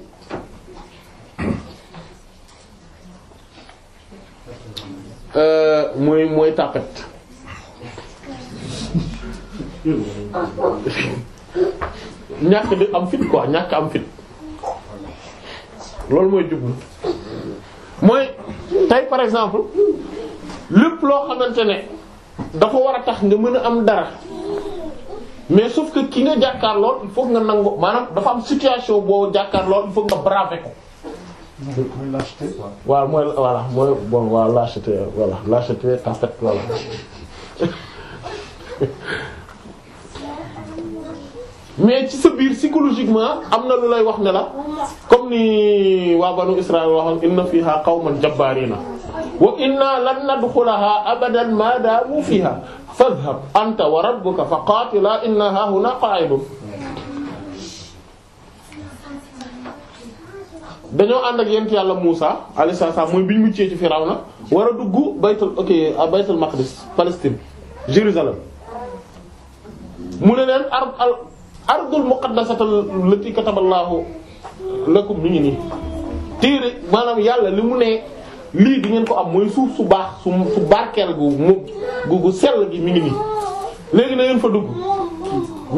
[SPEAKER 1] euh, mooy mooy tàppet ñàkk di am fit quoi ñàkk am fit loolu mooy jublu mooy tay par exemple lépp loo xamante ne dafa war a tax nga mën a am dara mais sauf que ki nga jàkkaar lool il nga nangu maanaam dafa am situation boo jàkkaar lool il faut nga braver ko. mooy lâcheté quoi. waaw mooy voilà mooy bon waaw lâcheté voilà lâcheté en fait voilà. mais ci sa biir psychologiquement am na lu lay wax ne la comme ni waa banu Israël waxoon inna fiha qawman jabbarina wa inna lan nadxulaha abadan ma daamu fiha fadhhab anta wa rabbuka fa qatila inna hahuna qa'idun dañoo ànd ak yent yàlla Muusa alayhi salaam mooy biñ muccee ci Firawna war a dugg baytul ok baytul maqdis Palestine Jérusalem mu ne leen ar ardul muqaddasatal lati kataballaahu lakum mi ngi nii téere maanaam yàlla li mu ne lii di ngeen ko am mooy suuf su baax su su barkeel gu mu gu gu sell gi mi ngi nii léegi na ngeen fa dugg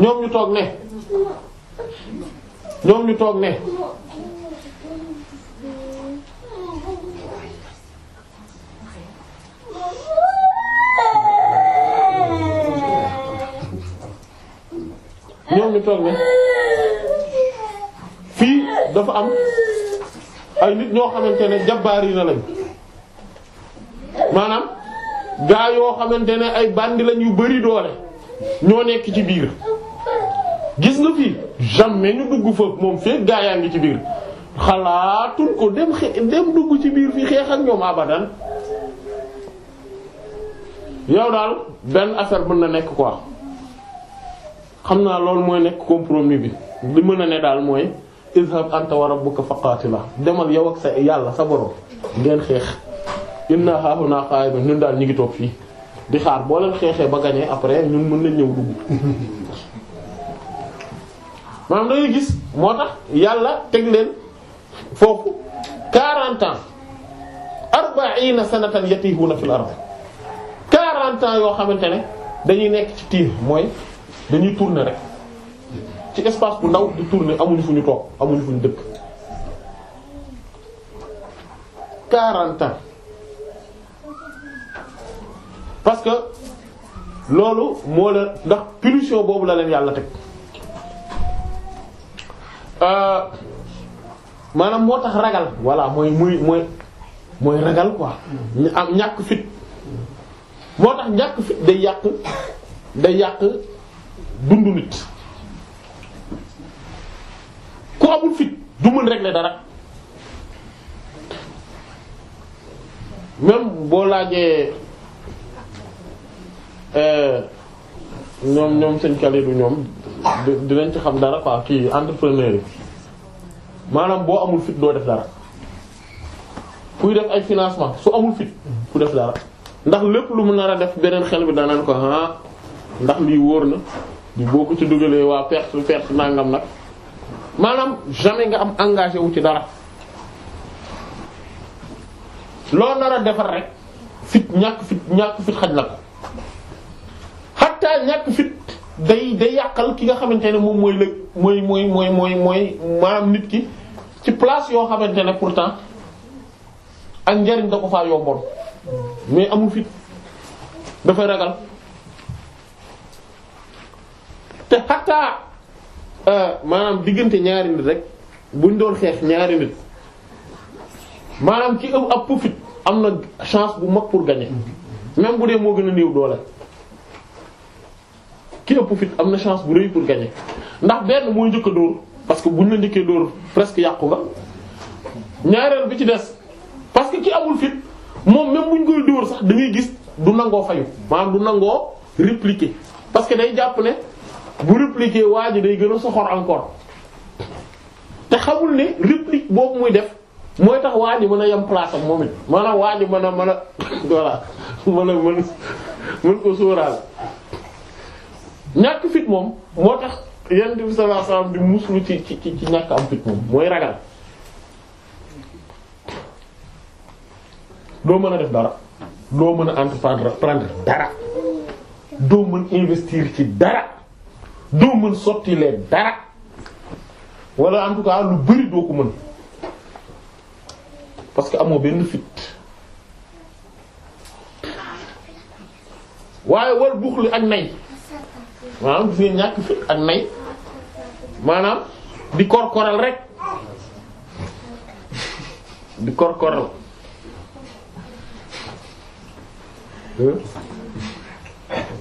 [SPEAKER 1] ñoom ñu toog ne ñoom ñu toog ne ñoom ñu toog ne fii dafa am ay nit ñoo xamante ne jabbaar yi na lañ maanaam gaa yoo xamante ne ay bandi lañ yu bari doole ñoo nekk ci biir gis nga fii jamais ñu dugg fa moom fekk gaa yaa ngi ci biir xalaatul ko dem dugg ci biir fii xeex ak ñoom abadan yow daal benn affaire mën na nekk quoi. xam naa loolu mooy nekk compromis bi li mën a ne daal mooy izhab anta wa rabbuka faqaatila demal yow ak sa yàlla sa ngeen xeex inna haahunaa naa ñun daal ñu ngi toog fii di xaar boo leen xeexee ba gañee après ñun mën nañ ñëw dugg maanaam dangay gis moo tax yàlla teg leen foofu 40 ans arba'iina sanatan yatihuna fil ard 40 ans yoo xamante ne dañuy nekk ci tiir mooy dañuy tourner rek ci espace bu ndaw di tourner amuñu fu ñu toog amuñu fu ñu dëkk. 40 ans parce que loolu moo la ndax punition boobu la leen yàlla teg euh, maanaam moo tax ragal voilà mooy muy mooy mooy ragal quoi am ñàkk fit moo tax ñàkk fit day yàq day yàq. dundu nit ku amul fit du mën régler dara même boo laajee euh, ñoom ñoom sëñ Kalidou ñoom dinañ ci xam dara quoi kii entrepreneur yi maanaam boo amul fit doo def dara kuy def ay financement su amul fit ku def dara ndax lépp lu mu nar a def beneen xel bi danaan ko ah ndax lii wóor na boo ko ci dugalee waa perte perte nangam nag maanaam jamais nga am engagé wu ci dara loo nar a defar rek fit ñàkk fit ñàkk fit xaj na xatta xataa ñàkk fit day day yàqal ki nga xamante ne moom mooy lëg mooy mooy mooy mooy maanaam nit ki ci place yoo xamante ne pourtant ak njariñ da ko faa yomboon mais amul fit dafay ragal te xataa euh, maanaam diggante ñaari nit rek buñ doon xeex ñaari nit maanaam ci ëpp ab profit am na chance bu mag pour gagner même bu dee moo gën a néew doole ki ëpp fit am na chance bu rëy pour gagner ndax benn mooy njëkk dóor parce que buñ la njëkkee dóor presque yàqu nga ñaareel bi ci des parce que ki amul fit moom même buñ koy dóor sax da gis du nangoo fayu maanaam du nangoo répliquer parce que day jàpp ne. bu répliquer waa ji day gën a soxor encore te xamul ne réplique boobu muy def mooy tax waa ji mën a yem place am moom it maanaam waa ji mën a mën a voilà mën a mën mën ko sóoraal ñàkk fit moom moo tax yonent bi sallallahu alayhi wasallam di muslu ci ci ci ñàkk am fit moom mooy ragal doo mën a def dara doo mën a entreprendre prendre dara doo mën investir ci dara doo mën sotti dara wala en tout cas lu bari doo ko mën parce que amoo benn fit waaye wal buxli ak nay maanaam di nga ñàkk fit ak nay maanaam di korkoral rek di korkoral.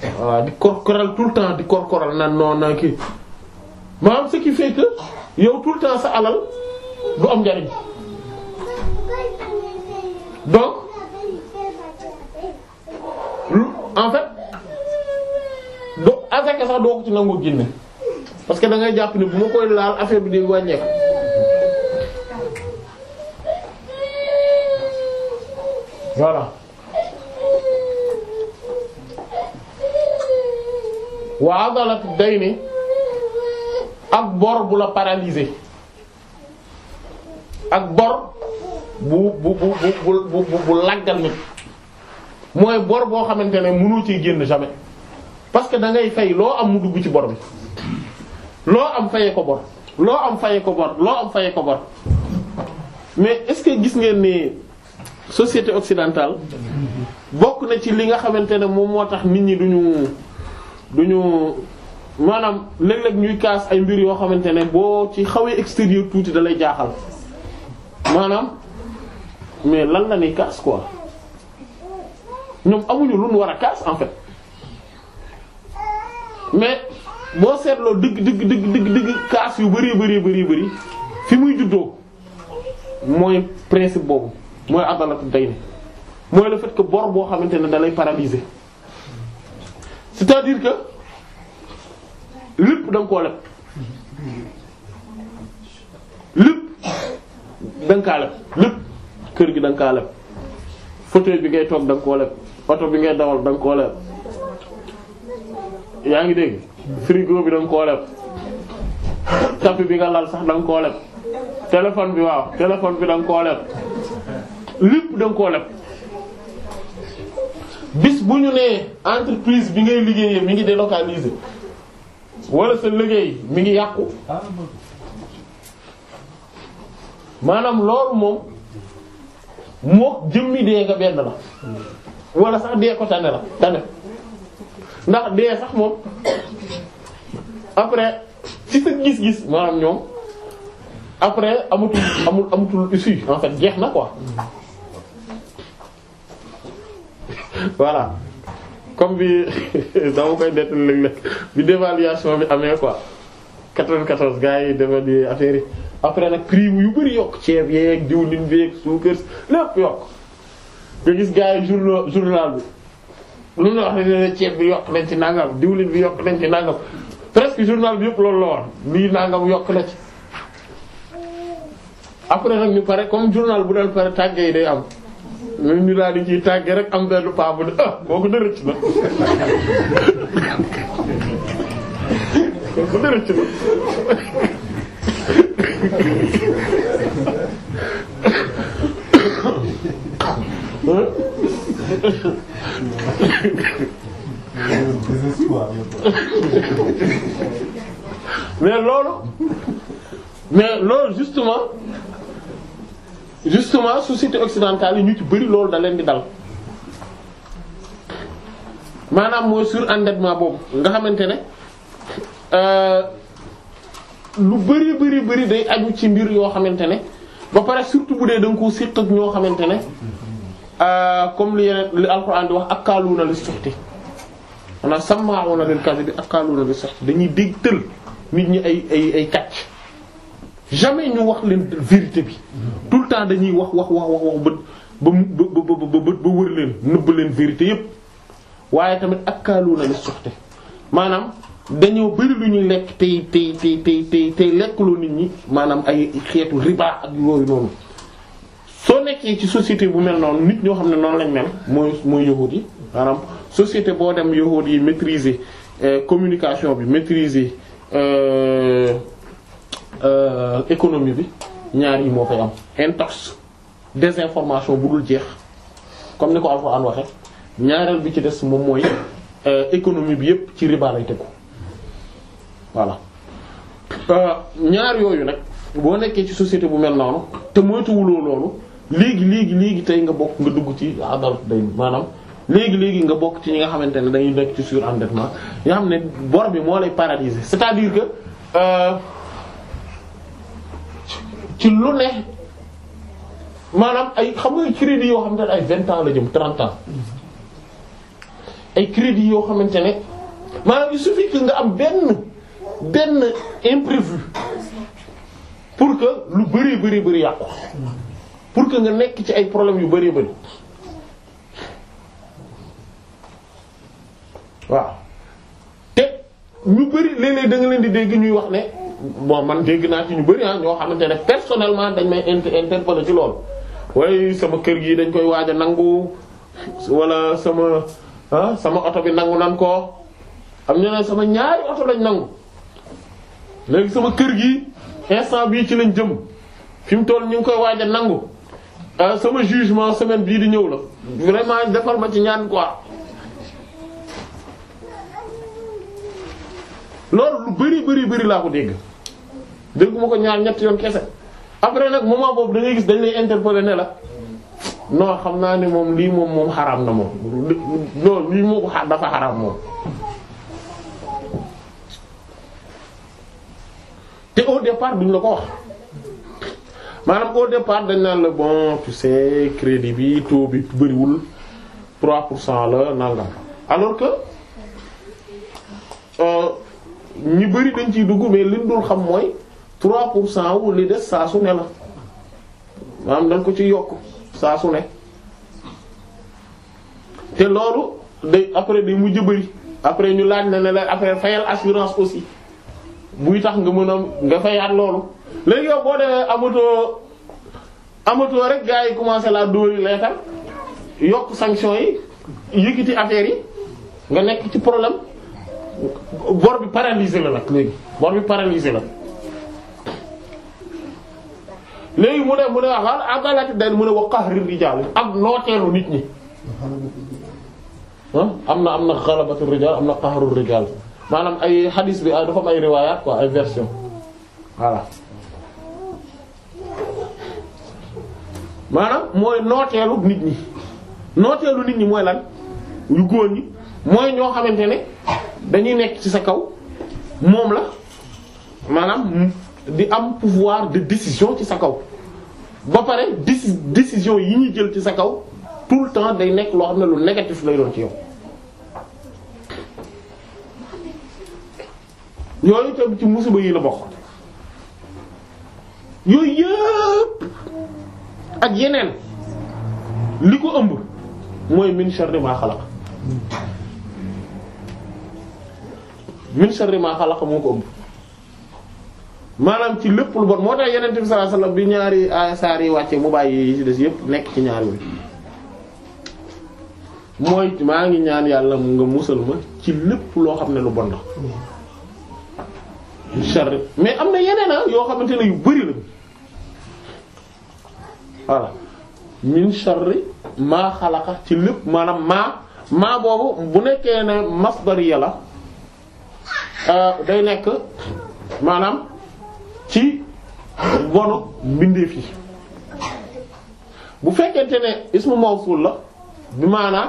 [SPEAKER 1] waaw di korkoral tout le temps di korkoral nan non nan kii maanaam ce qui fait que temps sa alal du am njariñ donc en fait do asaka sax doo ko ci nangu génne parce que da ngay jàpp ni bu ma koy laal affaire bi di wàññeeku. voilà. waaw wa adalatu dayni ak bor bu la paralysé ak bor bu bu bu bu bu bu laggal nit mooy bor boo xamante ne mënu ci génn jamais parce que da ngay fay loo am mu dugg ci bor bi loo am fayee ko bor loo am fayee ko bor loo am fayee ko mais est-ce que gis ngeen ni société occidentale bokk na ci li nga xamante ne moom moo tax nit ñi duñu ñu maanaam léeg-léeg ñuy kaas ay mbir yoo xamante ne boo ci xawee extérieur tuuti da lay jaaxal maanaam mais lan la ni kaas quoi ñoom amuñu lu ñu war a kaas en fait mais boo seetloo dëgg dëgg dëgg dëgg dëgg kaas yu bari bari bari bari fi muy juddoo mooy principe boobu mooy adalatu day ni mooy le fait que bor boo xamante ne da lay paralyser c'est-à-dire que lépp koo leb lépp da kaa leb lépp kër gi da nga kaa leb fauteuil bi ngay toog da nga koo leb oto bi ngay dawal da koo leb yaa ngi dégg frigo bi da koo leb tapis bi nga lal sax da nga koo leb téléphone bi waaw téléphone bi da nga koo leb lépp da koo leb bis bu ñu nee entreprise bi ngay liggéeyee mi ngi délocalisé walla sa liggéey mi ngi yàqu maanaam loolu moom moo jëmmi dee nga benn la wala sax dee ko tane la tane ndax dee sax moom après ci sa gis-gis maanaam ñoom après amatul amul amatul issue en fait jeex na ko voilà comme bi dama koy dettal léeg-léeg bi dévaluation bi amee quoi 94 gars yi dévalué affaire yi après nag prix yu bari yokk ceeb yeeg diwlin bi yeeg suukar lépp yokk nga gis gars yi journal journal bi lu ñu wax ceeb bi yokk nañ ci nangam diwlin bi yokk nañ ci nangam presque journal bi yëpp loolu la woon lii nangam yokk na ci après nag ñu pare comme journal bu dal pare tàggee yi day am. même daal di ciy tàgge rek am benn ah, loolu mais loolu justement justement société occidentale yi ñu ci bëri loolu da leen di dal maanaam mooy surendettement boobu nga xamante ne euh, lu bëri bëri bëri day aju ci mbir yoo xamante ne ba pare surtout bu dee da nga koo siq ak ñoo xamante ne euh, comme lu yeneen li alxuraan di wax ak akaaluuna li suxti maanaam sàmmaawoona lil kasi bi akaaluuna li suxti dañuy dégg tël nit ñi ay ay ay kàcc jamais ñu wax leen vérité bi tout le temps dañuy wax wax wax wax wax ba ba ba ba wër leen nëbb leen vérité yépp waaye tamit akkaaluuna li suxte maanaam dañoo bari lu ñuy lekk tey tey tey tey tey tey lekkloo nit ñi maanaam ay xeetu riba ak yooyu noonu soo nekkee ci société bu mel noonu nit ñoo xam ne noonu lañ mel mooy mooy yahuud yi maanaam société boo dem yahuud yi maîtriser eh, communication bi maîtriser. Euh, Euh, économie bi ñaar yi moo fay am intox désinformation bu dul jeex comme ni ko Alxuraan waxe ñaareel bi ci des moom mooy euh, économie bi yëpp ci riba lay tegu voilà euh, ñaar yooyu nag boo nekkee ci société bu mel noonu te moytuwuloo loolu léegi léegi léegi tey nga bokk nga dugg ci adal day maanaam léegi léegi nga bokk ci ñi nga xamante ne dañuy nekk ci surendettement nga xam ne bor moo lay paralyser c'est-à-dire que. ci lu ne maanaam ay xam nga crédit yoo xam ne ay vingt ans la jëm trente ans ay crédit yoo xamante ne maanaam il suffit que nga am benn benn imprévu pour que lu bari bari bari yàqu pour que nga nekk ci ay problèmes yu bari bari waaw te ñu bari léeg-léeg da leen di dégg ñuy wax ne bon man dégg naa ci ñu bari ah ñoo xamante ne personnellement dañ may inter interpeller ci lool waaye sama kër gi dañ koy waaj a nangu wala sama ah, sama oto bi nangu nan ko am ñu ne sama ñaari oto lañ nangu léegi sama kër gi instant bii ci lañ jëm fi mu toll ñu ngi koy waaj a ah, sama jugement semaine bii di ñëw la vraiment defal ma ci ñaan quoi. lool lu bari bari bari laa ko dégg dégguma ko ñaar ñett yoon kese après nag moment boobu da ngay gis dañ lay interpeller ne la noo xam naa ni moom lii moom moom xaraam na moom non lii moo ko dafa xaraam moom. te au départ duñ la ko wax maanaam au départ dañ naan la bon tu crédit bi taux bi bëriwul 3 pour cent la nangam alors que euh, ñu bëri dañ ci dugg mais liñ dul xam mooy. 3 pour cent wu li des saa su ne la maanaam dañ ko ci yokk saa su ne te loolu day après day mujj bëri après ñu laaj na ne la après fayal assurance aussi buy tax nga mën a nga fayaat loolu léegi boo demee amatoo amatoo rek gars yi commencé laa dóori leetal yokk sanction yi yëkkati affaire yi nga nekk ci problème bor bi paralysé la nag léegi bor bi la léegi mu ne mu ne waxal abdalati day mu ne wa qahri rijaal ak nooteelu nit ñi am na am na xalabatu rijaal am na qahru rijaal maanaam ay xadiis bi ah, dafa am ay riwaayaat quoi ay version voilà maanaam mooy nooteelu nit ñi nooteelu nit ñi mooy lan yu góor ñi mooy ñoo xamante ne dañuy nekk ci sa kaw moom la maanaam di am pouvoir de décision ci sa kaw ba pare déci décision yi ñuy jël ci sa kaw tout le temps day nekk loo xam ne lu négatif lay doon ci yow. yooyu tam ci musiba yi la bokk yooyu yëpp ak yeneen li ko ëmb mooy min sharri ma xalaq min sharri moo ko ëmb maanaam ci lépp lu bon moo tax yeneen bi sallallahu alayhi bi ñaari ay saar yi wàcce mu bàyyi yi ci des yépp nekk ci ñaar yooyu mooy maa ngi ñaan yàlla nga musal ma ci lépp loo xam ne lu bon la mais am na yeneen ah yoo xamante ne yu bari la voilà min sharri maa xalaqa ci lépp maanaam maa maa boobu bu nekkee ne masdariya la euh, day nekk maanaam ci bonu mbindeef yi bu fekkente ne ismu mawsul la bi maanaa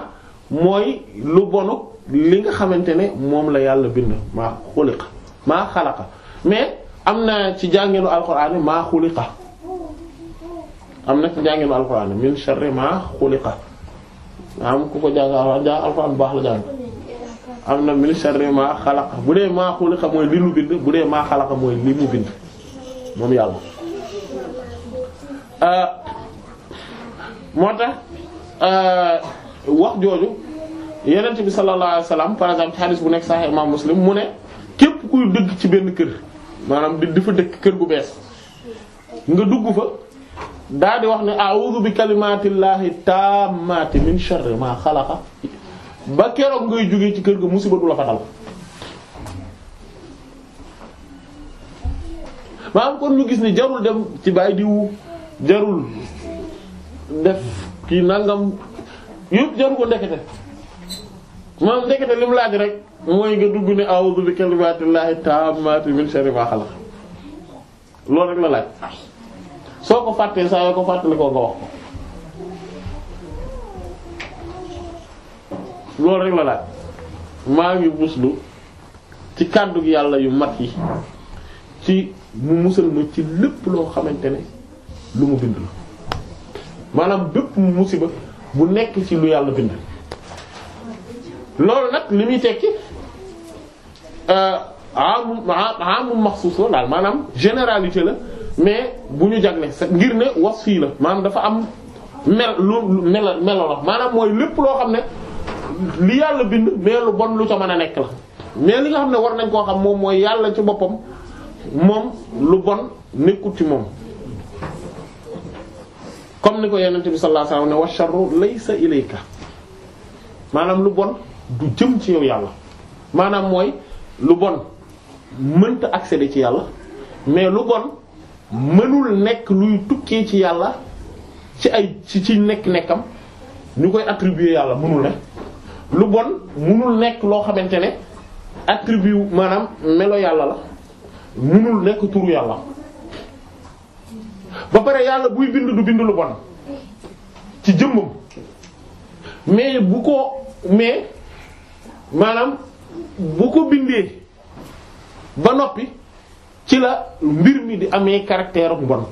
[SPEAKER 1] mooy lu bonu li nga xamante ne moom la yàlla bind maa xuliqa maa xalaqa mais am na ci jàngeenu alxuraan maa xuliqa am na ci jàngeenu alxuraan min sharri maa xuliqa am ku ko jàng alxuraan bu baax la jàng am na min sharri maa xalaqa bu dee maa xuliqa mooy li lu bind bu dee maa xalaqa mooy li mu bind moom yàlla euh, moo tax euh, wax jooju yenent bi sallallahu alayhi salaam par exemple ci bu nekk Sahih Imam Muslim mu ne képp kuy dëkk ci benn kër maanaam di dafa dëkk kër gu bees nga dugg fa daal di wax ne a'udhu bi kalimatillahi tammati min sharri ma xalaqa ba keroog ngay jóge ci kër ga musiba du la fa dal maanaam kon lu gis ni jarul dem ci baay diwu jarul def kii nangam yëpp jarul ko ndekete maanaam ndekete li laaj rek mooy nga dugg ne a'udhu bi kalimatillahi tammati min sharri ma khalaq rek la laaj soo ko fàttee saa yoo ko fàttali ko nga wax ko loolu rek la laaj maa ngi buslu ci kàddu yàlla yu mat yi ci mu musal ma ci lépp loo xamante ne lu mu bind la maanaam bépp musiba bu nekk ci lu yàlla bind loolu nag li muy tekki euh, amul amul maxsuus la daal maanaam généralité la mais bu ñu jagle ngir ne wax fii la maanaam dafa am mel lu mel melo la maanaam mooy lépp loo xam ne li yàlla bind mais lu bon lu ca mën a nekk la mais li nga xam ne war nañ koo xam moom mooy yàlla ci boppam moom lu bon nekkul ci moom comme ni ko yonent bi sallallahu alayhi wasallam ne wa sharru laysa ilayka maanaam lu bon du jëm ci yow yàlla maanaam mooy lu bon mënta accéder ci yàlla mais lu bon mënul nekk luy tukkee ci yàlla ci ay ci ci nekk-nekkam ñu koy attribuer yàlla mënul ne lu bon mënul nekk loo xamante ne attribut maanaam melo yàlla la munul nekk turu yàlla ba pare yàlla buy bind du bind lu bon ci jëmmam mais bu ko mais maanaam bu ko bindee ba noppi ci la mbir mi di amee caractère bu bon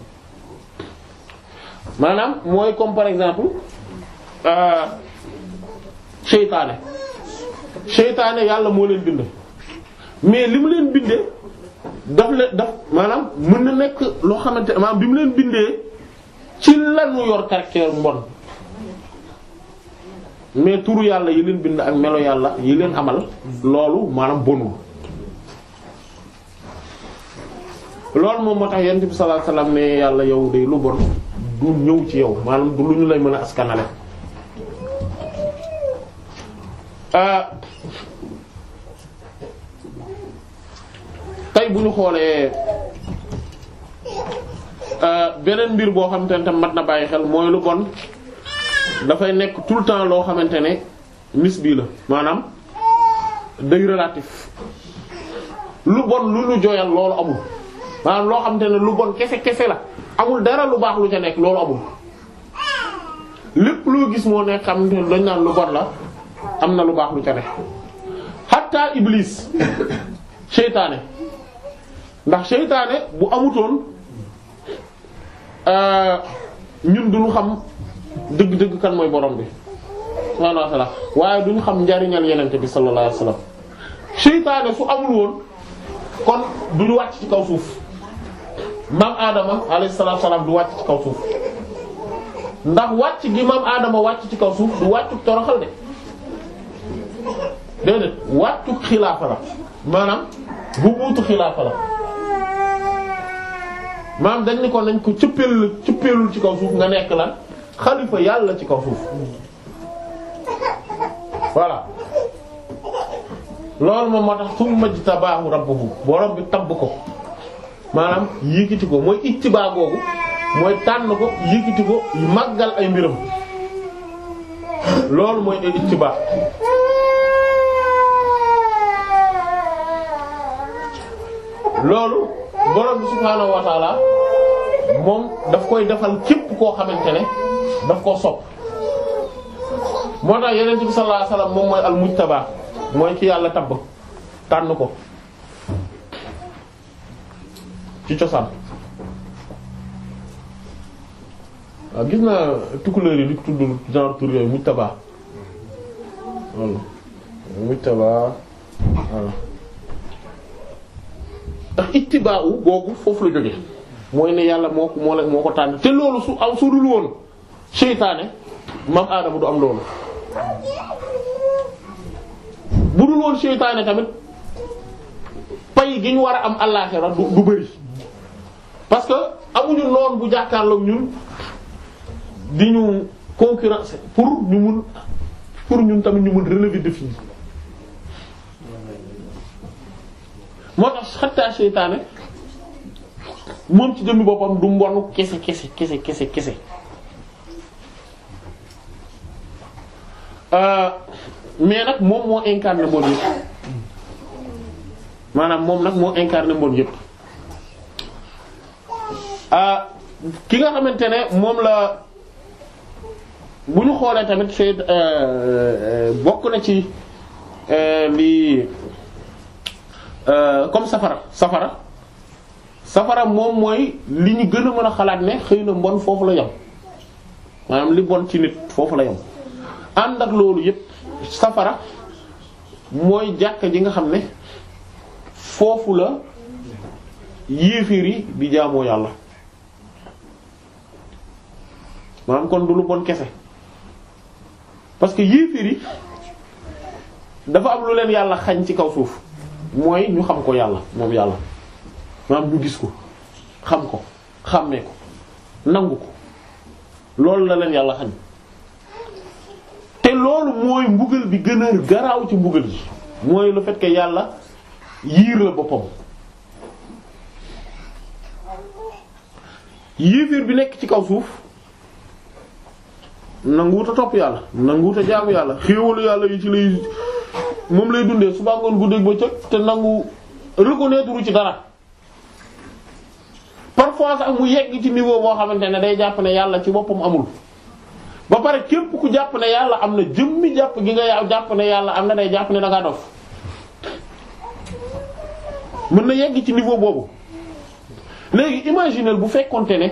[SPEAKER 1] maanaam mooy comme par exemple euh, seytaane seytaane yàlla moo leen bind mais li mu leen bindee daf leen daf maanaam mën na nekk loo xamante maanaam bi mu leen bindee ci lanu yor caractère mbon mais turu yàlla yi leen bind ak melo yàlla yi leen amal loolu maanaam bonul loolu moom moo tax yonent bi sallallahu alayhi ne yàlla yow day lu bon du ñëw ci yow maanaam du lu ñu lay mën a askanale euh, tey bu ñu xoolee euh, beneen mbir boo xamante ne tam mat na bàyyi xel mooy lu bon dafay nekk tout le temps loo xamante ne nis bii la maanaam day relatif lu bon lu ñu jooyal loolu amul maanaam loo xamante ne lu bon kese kese la amul dara lu baax lu ca nekk loolu amul lépp loo gis moo nekk xamante ne dañ naan lu bon la am na lu baax lu ca nekk hatta iblis seytaane ndax seytaane bu amutoon euh, ñun duñu xam dëgg-dëgg kan mooy borom bi subhaanahu wa ta'aala waaye duñu xam njariñal yenente bi sallallahu alayhi wasallam seytaane su amul woon kon duñu wàcc ci kaw suuf maam aadama alayhi salaatu salaam du wàcc ci kaw suuf ndax wàcc gi maam aadama wàcc ci kaw suuf du wàccuk toroxal de déedéet wàccuk xilaafa la maanaam hubuutu xilaafa la maanaam dañ ni ko nañ ko cëppeelul ci kaw suuf nga nekk lan xalifa yàlla ci kaw suuf voilà loolu moom moo tax summa jtabaahu rabbuhu borom bi tabb ko maanaam yëkkati ko mooy ittibaa googu mooy tànn ko yëkkati ko màggal ay mbiram loolu mooy ittibaa loolu borom bi subhaanahu wa moom daf koy defal képp koo xamante ne daf koo sopp moo tax yeneen bi sallallahu alayhi moom mooy al mujtaba mooy ci yàlla tabb tànn ko ci cosaan waaw gis naa tukkuleer yi di tudd genre tur yooyu mujtaba walla mujtaba waaw ndax ittibaawu googu foofu la jógee mooy ne yàlla moo ko moo la moo ko tànn te loolu su aw su dul woon seytaane maam aadama du am loolu bu dul woon seytaane tamit pay gi ñu war a am àllaaxira du du bari que amuñu noon bu jàkkaarloog ñun di ñu concurrence pour ñu mun pour ñun tamit ñu mun relever défi moo tax xattaa seytaane moom ci jëmmi boppam du mbonu kese kese kese kese kese euh, mais nag moom moo incarné mbon yëpp maanaam moom nag moo incarné mbon yëpp euh, ki nga xamante ne moom la bu ñu xoolee tamit fee euh, bokk na ci lii Euh, comme safara safara safara moom mooy li ñu gën a mën a xalaat ne xëy na mbon foofu la yam maanaam li bon ci nit foofu la yam ànd ak loolu yépp safara mooy jàkka ji nga xam ne foofu la yéeféer yi di jaamoo yàlla maanaam kon du lu bon kese parce que yéeféer yi dafa am lu leen yàlla xañ ci kaw suuf mooy ñu xam ko yàlla moom yàlla maanaam ñu gis ko xam ko xàmmee ko nangu ko loolu la leen yàlla xañ te loolu mooy mbugal bi gën a garaaw ci mbugal yi mooy le fait yàlla yiir la boppam yiifiir bi nekk ci kaw suuf nanguwuta topp yàlla nanguwuta jaamu yàlla xéewalu yàlla yi ci lay moom lay dundee suba ngoon guddeeg bëccëg te nangu reconnaître ci dara parfois ak mu yegg ci niveau boo xamante ne day jàpp ne yàlla ci boppam amul ba pare képp ku jàpp ne yàlla am na jëmmi jàpp gi nga yaw jàpp ne yàlla am na day jàpp ne da ngaa dof mën na yegg ci niveau boobu léegi imaginer bu fekkonte ne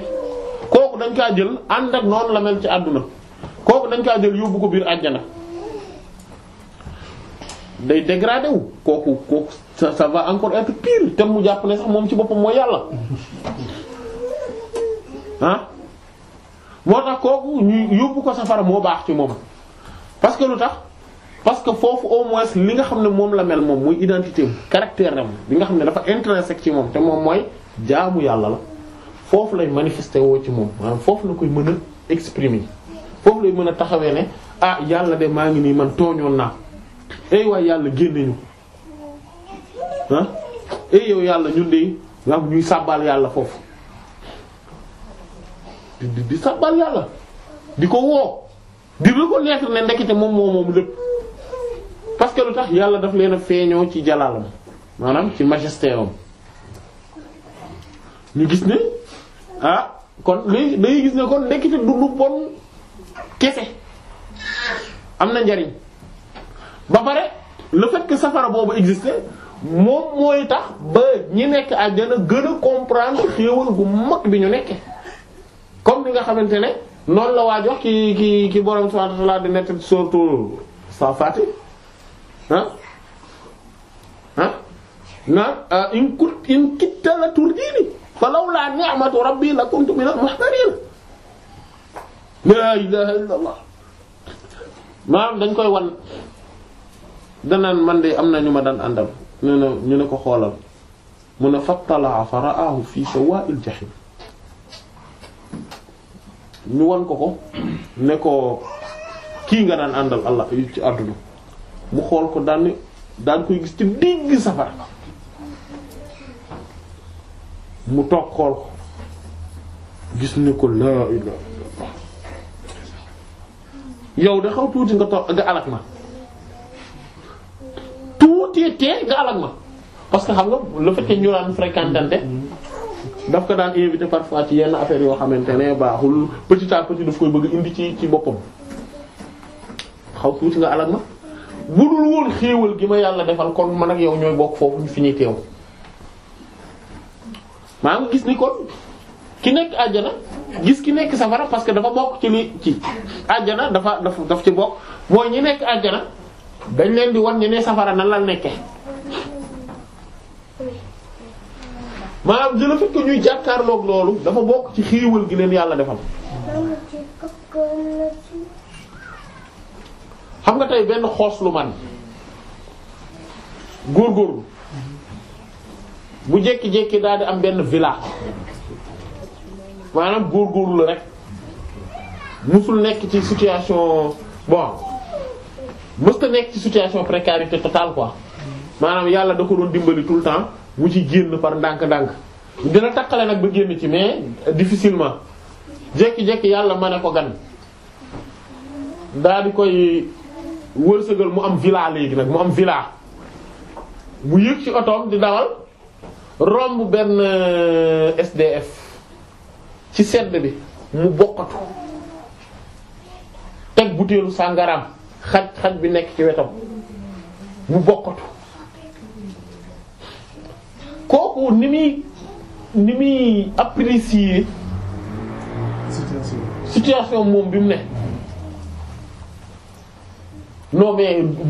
[SPEAKER 1] kooku dañ kaa jël ànd ak noonu la mel ci àdduna kooku dañ kaa jël yóbbu ko biir àjjana day dégradé wu kooku kooku sa ça va encore être pire te mu jàpp ne sax moom ci boppam moo yàlla ah moo tax kooku ñu yóbbu ko safara moo baax ci moom parce que lu tax parce que foofu au moins li nga xam ne moom la mel moom muy identité caractère am bi nga xam ne dafa intrinsèque ci moom te moom mooy jaamu yàlla la foofu lay manifester woo ci moom maanaam foofu la koy mën a exprimer foofu lay mën a taxawee ne ah yàlla de maa ngi nii man tooñoon naa ey waay yàlla génne ñu ah ey yow yàlla ñun de nga xam ñuy sàbbal yàlla foofu di di sàbbal yàlla di ko woo di reconnaître ne ndekete moom moo moom lépp parce que lu tax yàlla daf leen a feeñoo ci jalaalam maanaam ci majesté ñu gis ne ah kon léegi dañuy gis ne ko ndekete du lu bon kese am na njariñ ba pare lu fait safara boobu exister moom mooy tax ba ñi nekk ak gën a comprendre xéewal gu mag bi ñu nekke comme ni nga xamante ne noonu la waa jox ki ki ki borom subhanahu wa ta'ala di nekk surtout Safati ah ah naan ah, la turdini falawla ni'matu rabbi la kuntu minal muhtarin la ilaha dañ koy wan danaan man de am na ñu ma daan àndal ñu ne ko xoolal mu ne fattalaa fa ra'ahu fii sawaa'il jahim ñu wan ko ko ne ko kii nga daan àndal allah ci àdduna mu xool ko daan ne daan koy gis ci digg safara mu toog xool ko gis ne ko laa ilaaha illallaah yow de xaw tuuti nga toog nga alak ma cee tee nga alag ma parce que xam nga la fait que ñu daan fréquentante daf ko daan invité parfois ci yenn affaire yoo xamante ne baaxul petit à petit daf koy bëgg indi ci ci boppam xaw tuuti nga alag ma bu dul woon xéewal gi ma yàlla defal kon man ak yow ñooy bokk foofu ñu fi ñuy teew maa ngi gis ni kon ki nekk àjjana gis ki nekk safara parce que dafa bokk ci li ci àjjana dafa daf daf ci bokk mooy ñi nekk àjjana dañ leen di wan ñu ne safara na la nekke maanaam jëla fekk ñuy jàkkaarloog loolu dafa bokk ci xiiwal gi leen yàlla defal xam nga tey benn xoos lu man góorgóorlu bu jékki-jékki daal di am benn villa maanaam góorgóorlu la rek musul nekk ci situation bon mësta nekk ci situation précarité totale ko maanaam yàlla da ko doon dimbali toul le temps mu ci génn par ndànk-ndànk dina takkale nag ba génn ci mais euh, difficilement jékki-jékki yàlla ma ne ko gan daa di koy wërsëgal mu am villa léegi nag mu am villa mu yëg ci otoom di dawal romb benn euh, SDF ci sedd bi mu bokkatu teg butéelu sàngaram xaj xaj bi nekk ci wetam mu bokkatu kooku ni muy ni muy apprécier situation situation moom bi mu ne non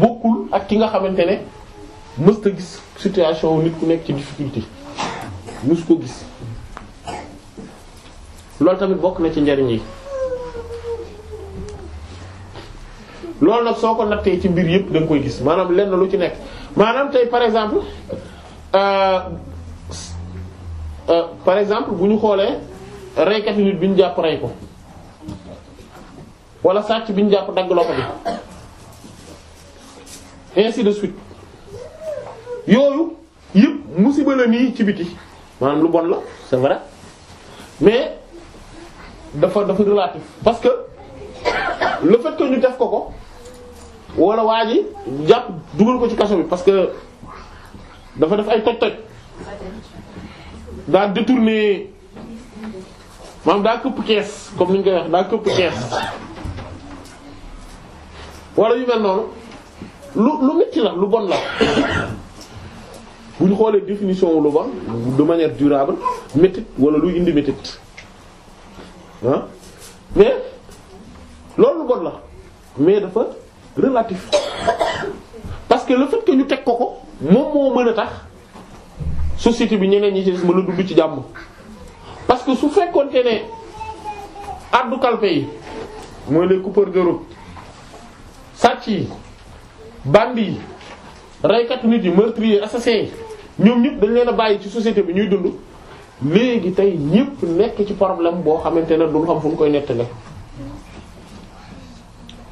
[SPEAKER 1] bokkul ak ki nga xamante ne mësta gis situation nit ku nekk ci difficulté mus ko gis loolu tamit bokk na ci njariñ yi loolu nag soo ko nattee ci mbir yëpp danga koy gis maanaam lenn lu ci nekk maanaam tey par exemple euh, euh, par exemple bu ñu xoolee reykatu nit bi ñu jàpp rey ko wala sàcc bi ñu jàpp dagg loxo bi ainsi de suite yooyu yëpp musiba la nii ci biti maanaam lu bon la c'est vrai mais dafa dafa relatif parce que le ñu def ko ko wala waa ji jàpp dugal ko ci kaso bi parce que dafa def ay toj-toj daa détourné maanaam daa këpp kees comme ni ñu koy wax daa këpp kees walla yu mel noonu lu lu metti la lu bon la bu ñu xoolee définition lu bon de manière durable métit wala luy indi métit mais loolu lu bon la mais dafa. relatif parce que le ñu teg ko ko moom moo mën a tax société bi ñeneen ñi ci des mën a dund ci jàmm parce que su fekkonte ne addu kalpe yi mooy les coupeurs de route sàcc yi bandi yi reykatu nit yi meurtrier assassin ñoom ñëpp dañ leen a bàyyi ci société bi ñuy dund léegi tey ñëpp nekk ci problème boo xamante ne duñ xam fu ñu koy nettale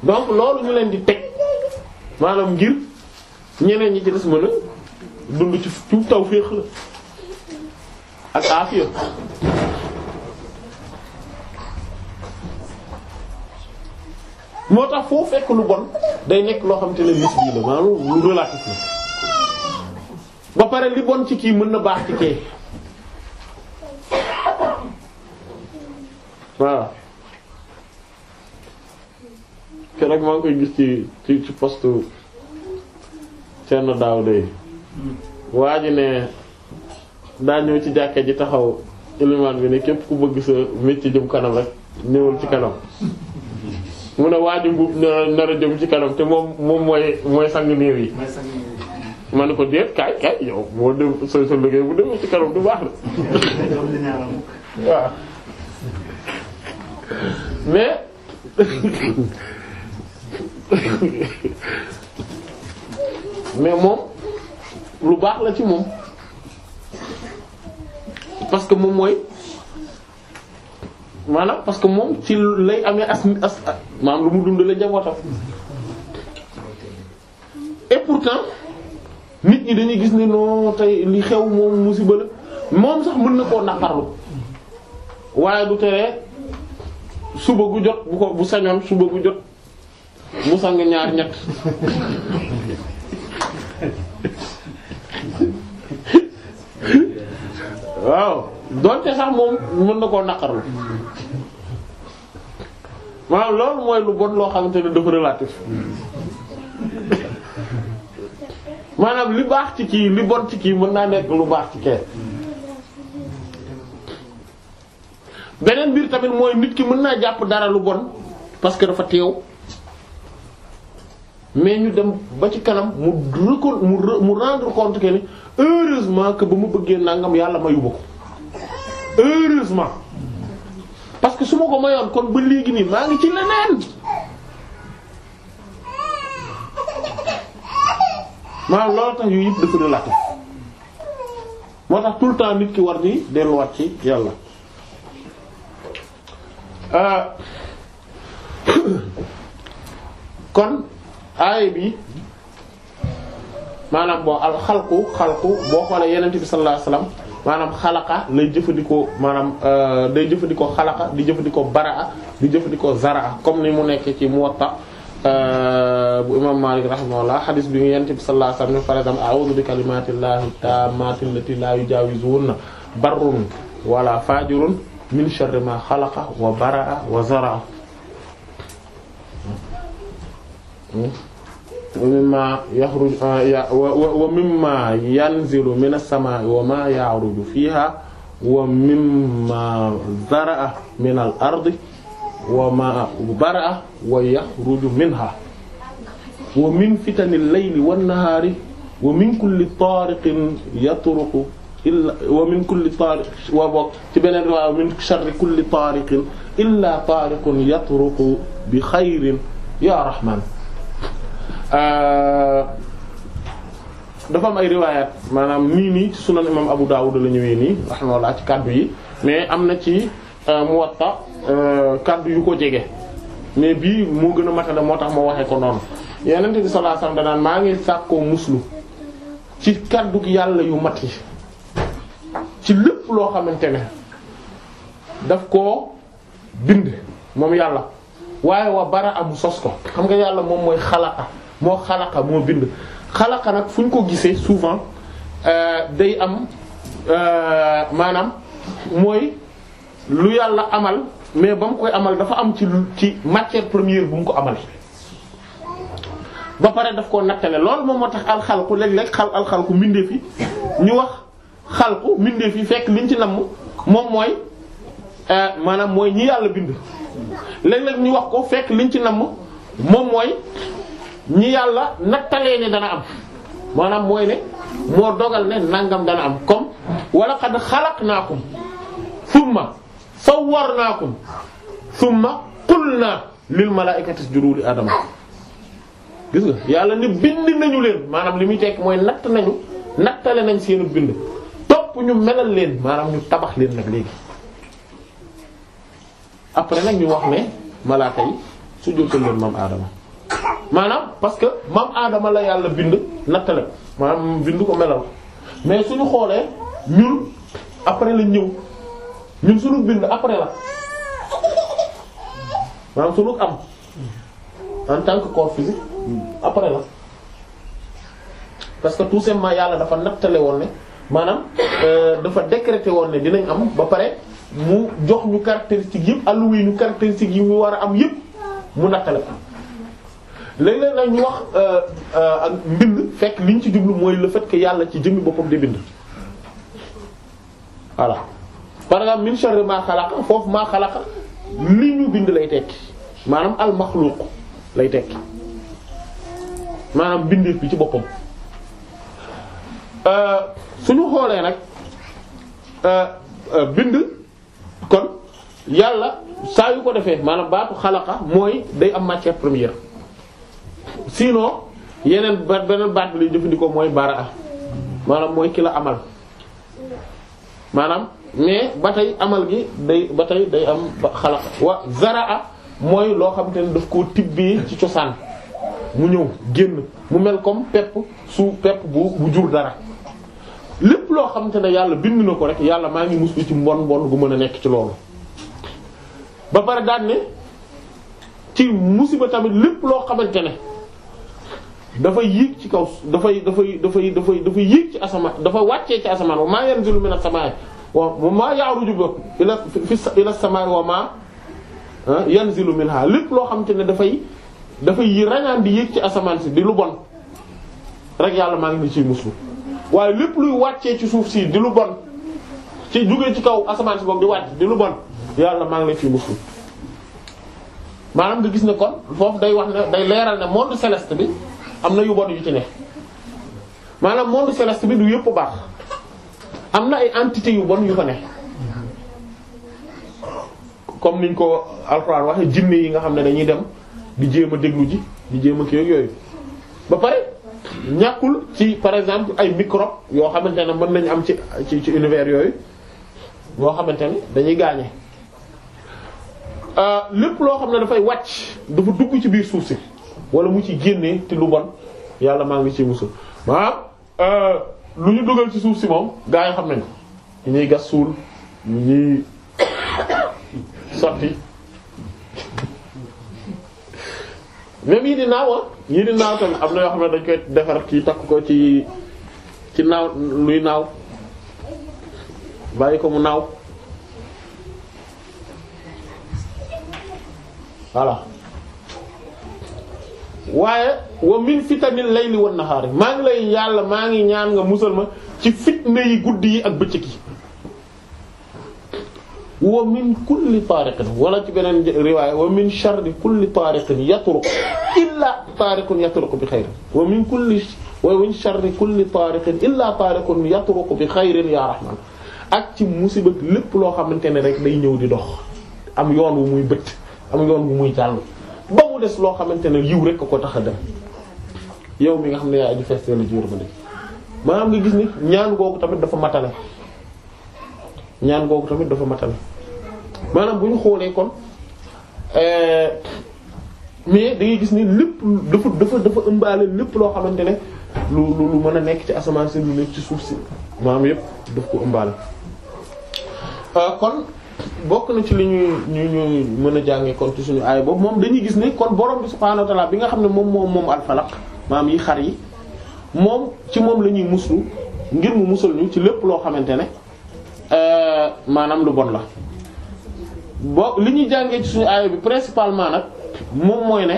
[SPEAKER 1] donc loolu ñu leen di teg maanaam ngir ñeneen ñi ci des mën a dund ci ci tawfeex la ak aafiya moo tax foo fekk lu bon day nekk loo xamante ne nis bii la maanaam lu relatif la ba pare li bon ci kii mën na baax ci kee waaw keroog maa koy gis ci ci postu poste Thierno Daouda yi
[SPEAKER 2] hmm.
[SPEAKER 1] waa ne daa ñëw ci jàkka ji taxaw ilimaan bi ne képp ku bëgg sa métier jëm kanam rek ñëwul ci kanam mu ne waa ji mbub nar a jëm ci kanam te moom moom mooy sang néew yi ma ne ko déet kaay kaay yow boo dem sa sa liggéey bu demee ci kanam du baax la waaw mais mais moom lu baax la ci moom parce que moom mooy maanaam parce que moom si lay amee as as maanaam lu mu dundalee njabootam et pourtant nit ñi dañuy gis ne non tey li xew moom musiba la moom sax mën na koo naqarlu waaye du tere suba gu jot bu ko bu sañoon suba gu jot. mu sang ñaar ñett waaw donte sax moom mën na koo naqarlu maanaam loolu mooy lu bon loo xamante ne dafa relatif maanaam li baax ci kii li bon ci kii mën naa nekk lu baax ci kee beneen mbir tamit mooy nit ki mën naa jàpp dara lu bon parce que dafa teew mais ñu dem ba ci kanam mu reco mu mu rendre compte que ni heureusement que ba mu bëggee nangam yàlla mayu ba ko heureusement parce que su ma ko mayoon kon ba léegi nii maa ngi ci leneen maanaam loolu tax yu yëpp dafa relaté moo tax tout le temps nit ki war di delluwaat ci yàlla euh, kon aay bi maanaam boo al xalqu xalqu boo xoolee yenent bi sallallahu alayhi maanaam xalaka lay jëfandikoo maanaam euh, day jëfandikoo xalaqa di jëfandikoo baraa di jëfandikoo zaraa comme ni mu nekk ci Muwatta euh, bu imam Malik rahimahullah xadis bi yenent bi sallallahu alayhi wasallam ne par exemple a'udhu bi kalimatillahi tammati allati la yujawizuna barrun wala fajirun min sharri ma xalaqa wa baraa wa zaraa Hmm? Ah, wa mimma yaxruju wa mimma yanzilu min as-samaa'i wa ma ya'ruju fiha wa mimma zara'a min al-ardi wa ma bara'a wa yaxruju minha wa min fitani al-layli wan-nahaari wa min kulli taariqin yatruqu illa wa min kulli taariq wa bokk ci beneen waaw min sharri kulli taariqin illa taariqun yatruqu bi xayrin ya rahman Euh, dafa am ay riwaayaat maanaam nii nii ci sunan imam Abu Dawud la ñëwee nii laa ci kaddu yi mais am na ci euh, Muwatta euh, kaddu yu ko jege mais bii moo gën a matale moo tax moo waxe ko noonu Yonent bi sallallahu alayhi wasallam danaan maa ngi sàkkoo muslu ci kaddu yàlla yu mat yi ci lépp loo xamante ne daf koo bind moom yàlla waaye wa bara amu sos ko xam nga yàlla moom mooy xalaqa moo xalaqa moo bind xalaqa nag fu ñu ko gisee souvent euh, day am euh, maanaam mooy lu yàlla amal mais ba mu koy amal dafa am ci ci matière première bu mu ko amal ba pare daf koo nattale loolu moom moo tax alxalku léeg-léeg xal alxalku mbindee fi ñu wax xalku mbindee fi fekk liñ ci namm moom mooy euh, maanaam mooy ñi yàlla bind léeg-léeg ñu wax ko fekk liñ ci namm moom mooy ñi yàlla nattalee ne dana am maanaam mooy ne moo dogal ne nàngam dana am comme wala qad xalaqnaakum thumma sawwarnaakum thumma qulna lil malaa'ikati isjudu li aadama gis nga yàlla ne bind nañu leen maanaam li muy tekk mooy natt nañu nattale nañ seenu bind topp ñu melal leen maanaam ñu tabax leen nag léegi après nag ñu wax ne malaaka yi sujjóotal leen maam aadama maanaam parce que maam aadama la yàlla bind nattale maanaam bind ko melal mais suñu xoolee ñun après la ñëw ñun suñu bind après la maanaam suñu am en tant que corps physique après la parce que tout simplement yàlla dafa nattale woon ne maanaam euh, dafa décréter woon ne dinañ am ba pare mu jox ñu caractéristiques yëpp alloué ñu caractéristiques yi mu war a am yëpp mu nattale léeg-léeg nag ñu wax euh, euh, ak mbind fekk liñ ci jublu mooy le fait yàlla ci jëmmi boppam di bind voilà par exemple min sharri maa xalaqa foofu maa xalaqa li bind lay tekki maanaam al maxluuq lay tekki maanaam bindeef bi ci boppam euh, suñu xoolee nag bind kon yàlla saa yu ko defee maanaam baatu xalaqa mooy day am matière première sinon yeneen ba beneen baat bi lay jëfandikoo mooy baraa maanaam mooy ki la amal maanaam mais ba tey amal gi day ba tey day am xalaat wa zaraa mooy loo xam te ne daf koo tibbee ci cosaan mu ñëw génn mu mel comme pepp su pepp bu bu jur dara lépp loo xam te ne yàlla bind na ko rek yàlla maa ngi mus ci mbon mbon gu mën a nekk ci loolu ba pare daan ne ci musiba tamit lépp loo xamante ne dafa yéeg ci kaw dafay dafay dafay dafay dafay yéeg ci asamaan dafa wàccee ci asamaan wa maa yanzilu mina samaa'i wa maa ya'ruju bi ila ila samaa'i wa maa ah, yanzilu minha lépp loo xam te ne dafay dafay yi rañaan di yéeg ci asamaan si di lu bon rek yàlla maa ngi ni ciy muslu waaye lépp luy wàccee ci suuf si di lu bon ci jógee ci kaw asamaan si boog di wàcc di lu bon yàlla maa ngi la ciy muslu maanaam nga gis ne kon foofu day wax ne day leeral ne bi am na yu bon yu ci ne maanaam monde céleste bi du yëpp baax am na ay entité yu bon yu fa ne comme niñ ko alxuraan waxe jinne yi nga xam ne dañuy dem di jéem déglu ji di jéem a kii yooyu ba pare ñàkkul ci par exemple ay microbe yoo xamante ne mën nañ am ci ci ci univers yooyu yoo xamante ne dañuy gaañe euh, lépp loo xam ne dafay wàcc dafa dugg ci biir suuf si wala mu ci génnee te lu bon yàlla maa ngi ci musul maanaam euh, lu ñu dugal ci suuf si moom gaa yi xam nañ ko ñuy gas suul ñuy sotti même yi di naawa ah, yi di naaw tamit am na yoo xam ne dañ koy defar ci takk ko ci ci naaw luy naaw bàyyi ko mu naaw voilà waaye wa min fitanil layli wan nahaari maa ngi lay yàlla maa ngi ñaan nga musal ma ci fitna yi guddi yi ak bëccëg yi wa min kulli taariqin wala ci beneen riwaaya wa min sharri kulli taariqin yatruq illa taariqun yatruq bi xayrin wa min kulli wa min sharri kulli taariqin illa taariqun yatruq bi xayrin ya rahman ak ci musiba lépp loo xamante ne rek day ñëw di dox am yoon wu muy bët am yoon wu muy jàll ba mu des loo xamante ne yiw rek ko tax a dem yow mi nga xam ne yaa aju fees la ci yërmande maanaam nga gis ni ñaan googu tamit dafa matale ñaan googu tamit dafa matale maanaam bu ñu xoolee kon euh, mais da ngay gis ni lépp dafa dafa dafa ëmbaale lépp loo xamante ne lu lu mën a nekk ci asamaan si lu nekk ci suuf si maanaam yépp daf ko ëmbaale euh, kon. bokk na ci li ñuy ñu ñu mën a jànge kon ci suñu aaya boobu moom dañuy gis ne kon borom bi subhaanahu wa ta'ala bi nga xam ne moom moom moom alfalaq maam yi xar yi moom ci moom la ñuy muslu ngir mu musal ñu ci lépp loo xamante ne euh, maanaam lu bon la bo li ñuy jàngee ci suñu aaya bi principalement nag moom mooy ne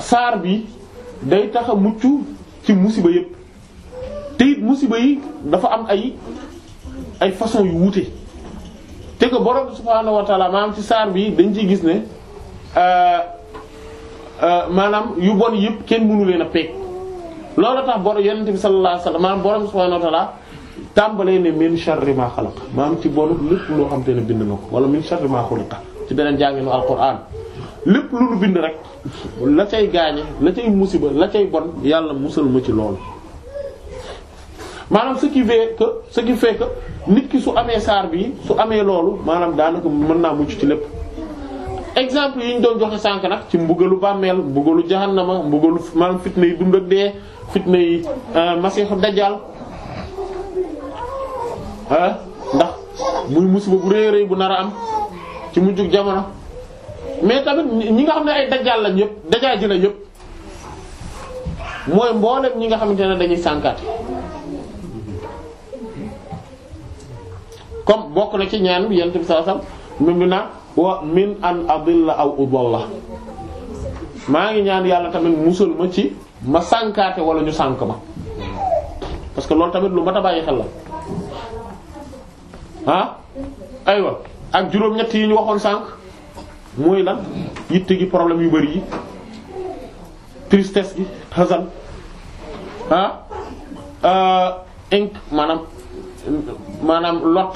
[SPEAKER 1] saar bi day taxa a mucc ci musiba yépp te it musiba yi dafa am ay ay façon yu wuute te que borom subhaanahu wa taala ci saar bii dañ ciy gis ne euh, euh, maanaam yu bon yëpp kenn mënu leen a peeg loolu tax borom yonent bi sallallahu alayhi wa sallam maanaam borom subhaanahu wa taala ne min sharri ma xalaq maanaam ci bonu lépp loo xam te ne bind na ko wala min sharri ma ci beneen jànginu alquran lépp lu bind rek la cay gaañe la cay musiba la cay bon yàlla musal ma ci loolu maanaam ce qui fait que ce qui nit ki su amee saar bi su amee loolu maanaam daanaka mën naa mucc ci lépp exemple yi ñu doon joxe sànk nag ci mbugalu bàmmeel mbugalu jahannama mbugalu maanaam fitna yi dund ak dee fitna yi euh, masiixu dajjal ndax muy musiba bu rëy rëy bu nar a am ci mujjug jamono mais tamit ñi nga xam ne ay dajjal lañ yëpp dajjal ji la yëpp mooy mboolem ñi nga xamante ne dañuy sànkaat comme bokk na ci ñaan bi yonent bi sallallahu alayhi wasallam mi na wa min an adilla aw udalla maa ngi ñaan yàlla tamit musal ma ci ma sànkaate wala ñu sànk ma parce que loolu tamit lu mat a bàyyi xel la ah aywa ak juróom-ñett yi ñu waxoon sànk mooy la yitte gi problème yu bari yi tristesse gi xasan ah euh, inc maanaam maanaam lot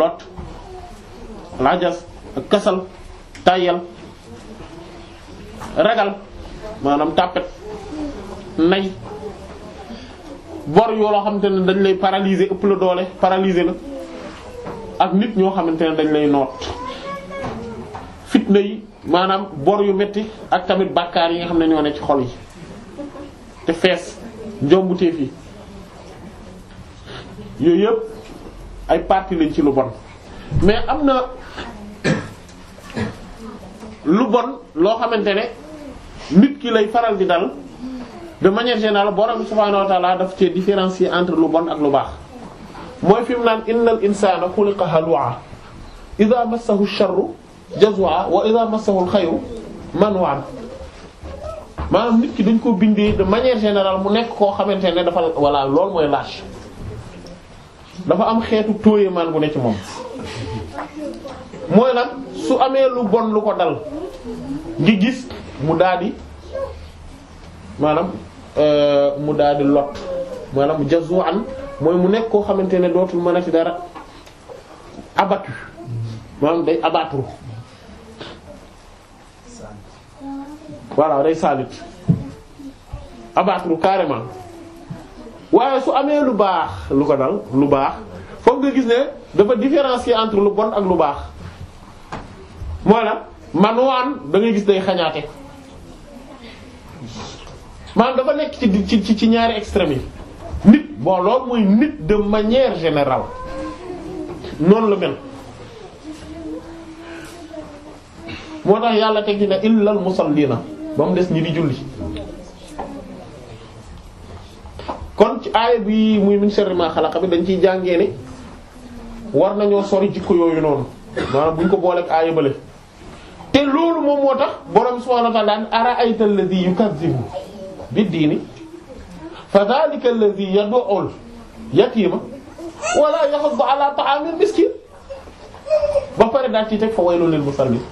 [SPEAKER 1] lot lajas ak kasal tayal ragal maanaam tàppet nay bor yoo loo xamante ne dañ lay paralyser ëpp la doole paralyser la ak nit ñoo xamante ne dañ lay noot fitna yi maanaam bor yu metti ak tamit bàkkaar yi nga xam ne ñoo ne ci xol yi te fees njombuteef yi yooyu yëpp ay parti lañ ci lu bon mais am na lu bon loo xamante ne nit ki lay faral di dal de manière générale borom subhaanahu wa ta'ala daf cee différencier entre lu bon ak lu baax mooy fi mu naan innal insana xuliqa halu'a idha massahu ash-sharru jazua wa idha massahu al-khayru manua maanaam nit ki dañ ko bindee de manière générale mu nekk koo xamante ne dafa voilà loolu mooy lâche dafa am xeetu tóoyemaan bu ne ci moom mooy la su amee lu bon lu ko dal ngi gis mu daldi maanaam euh, mu daldi lot maanaam jazuan mooy mu nekk koo xamante ne dootul mënati dara abattu maanaam day abattu voilà day saalit abattu carrément waaye su amee lu baax lu ko dal lu baax foog nga gis ne dafa différencier entre lu bon ak lu baax voilà manuwaan da ngay gis day xañaate maanaam dafa nekk ci ci ci ñaari extrêmes yi nit bon loolu mooy nit de manière générale noonu la mel moo tax yàlla teg ci ne illal musalliina ba mu des ñi di julli kon ci aaya bi muy min sharri ma xalaqa bi dañ ciy jàngee ne war nañoo sori jikko yooyu noonu maanaam buñ ko booleeg aaya bële te loolu moom moo tax borom subhaanahu wa ta'aala daan ara'ayta alladhi yukazzibu bid-diini fa dhaalika alladhi yad'ul yatiima wa laa yahuddu 'alaa ta'aamil miskiin ba pare daal ci teg fa waylun lil musalliin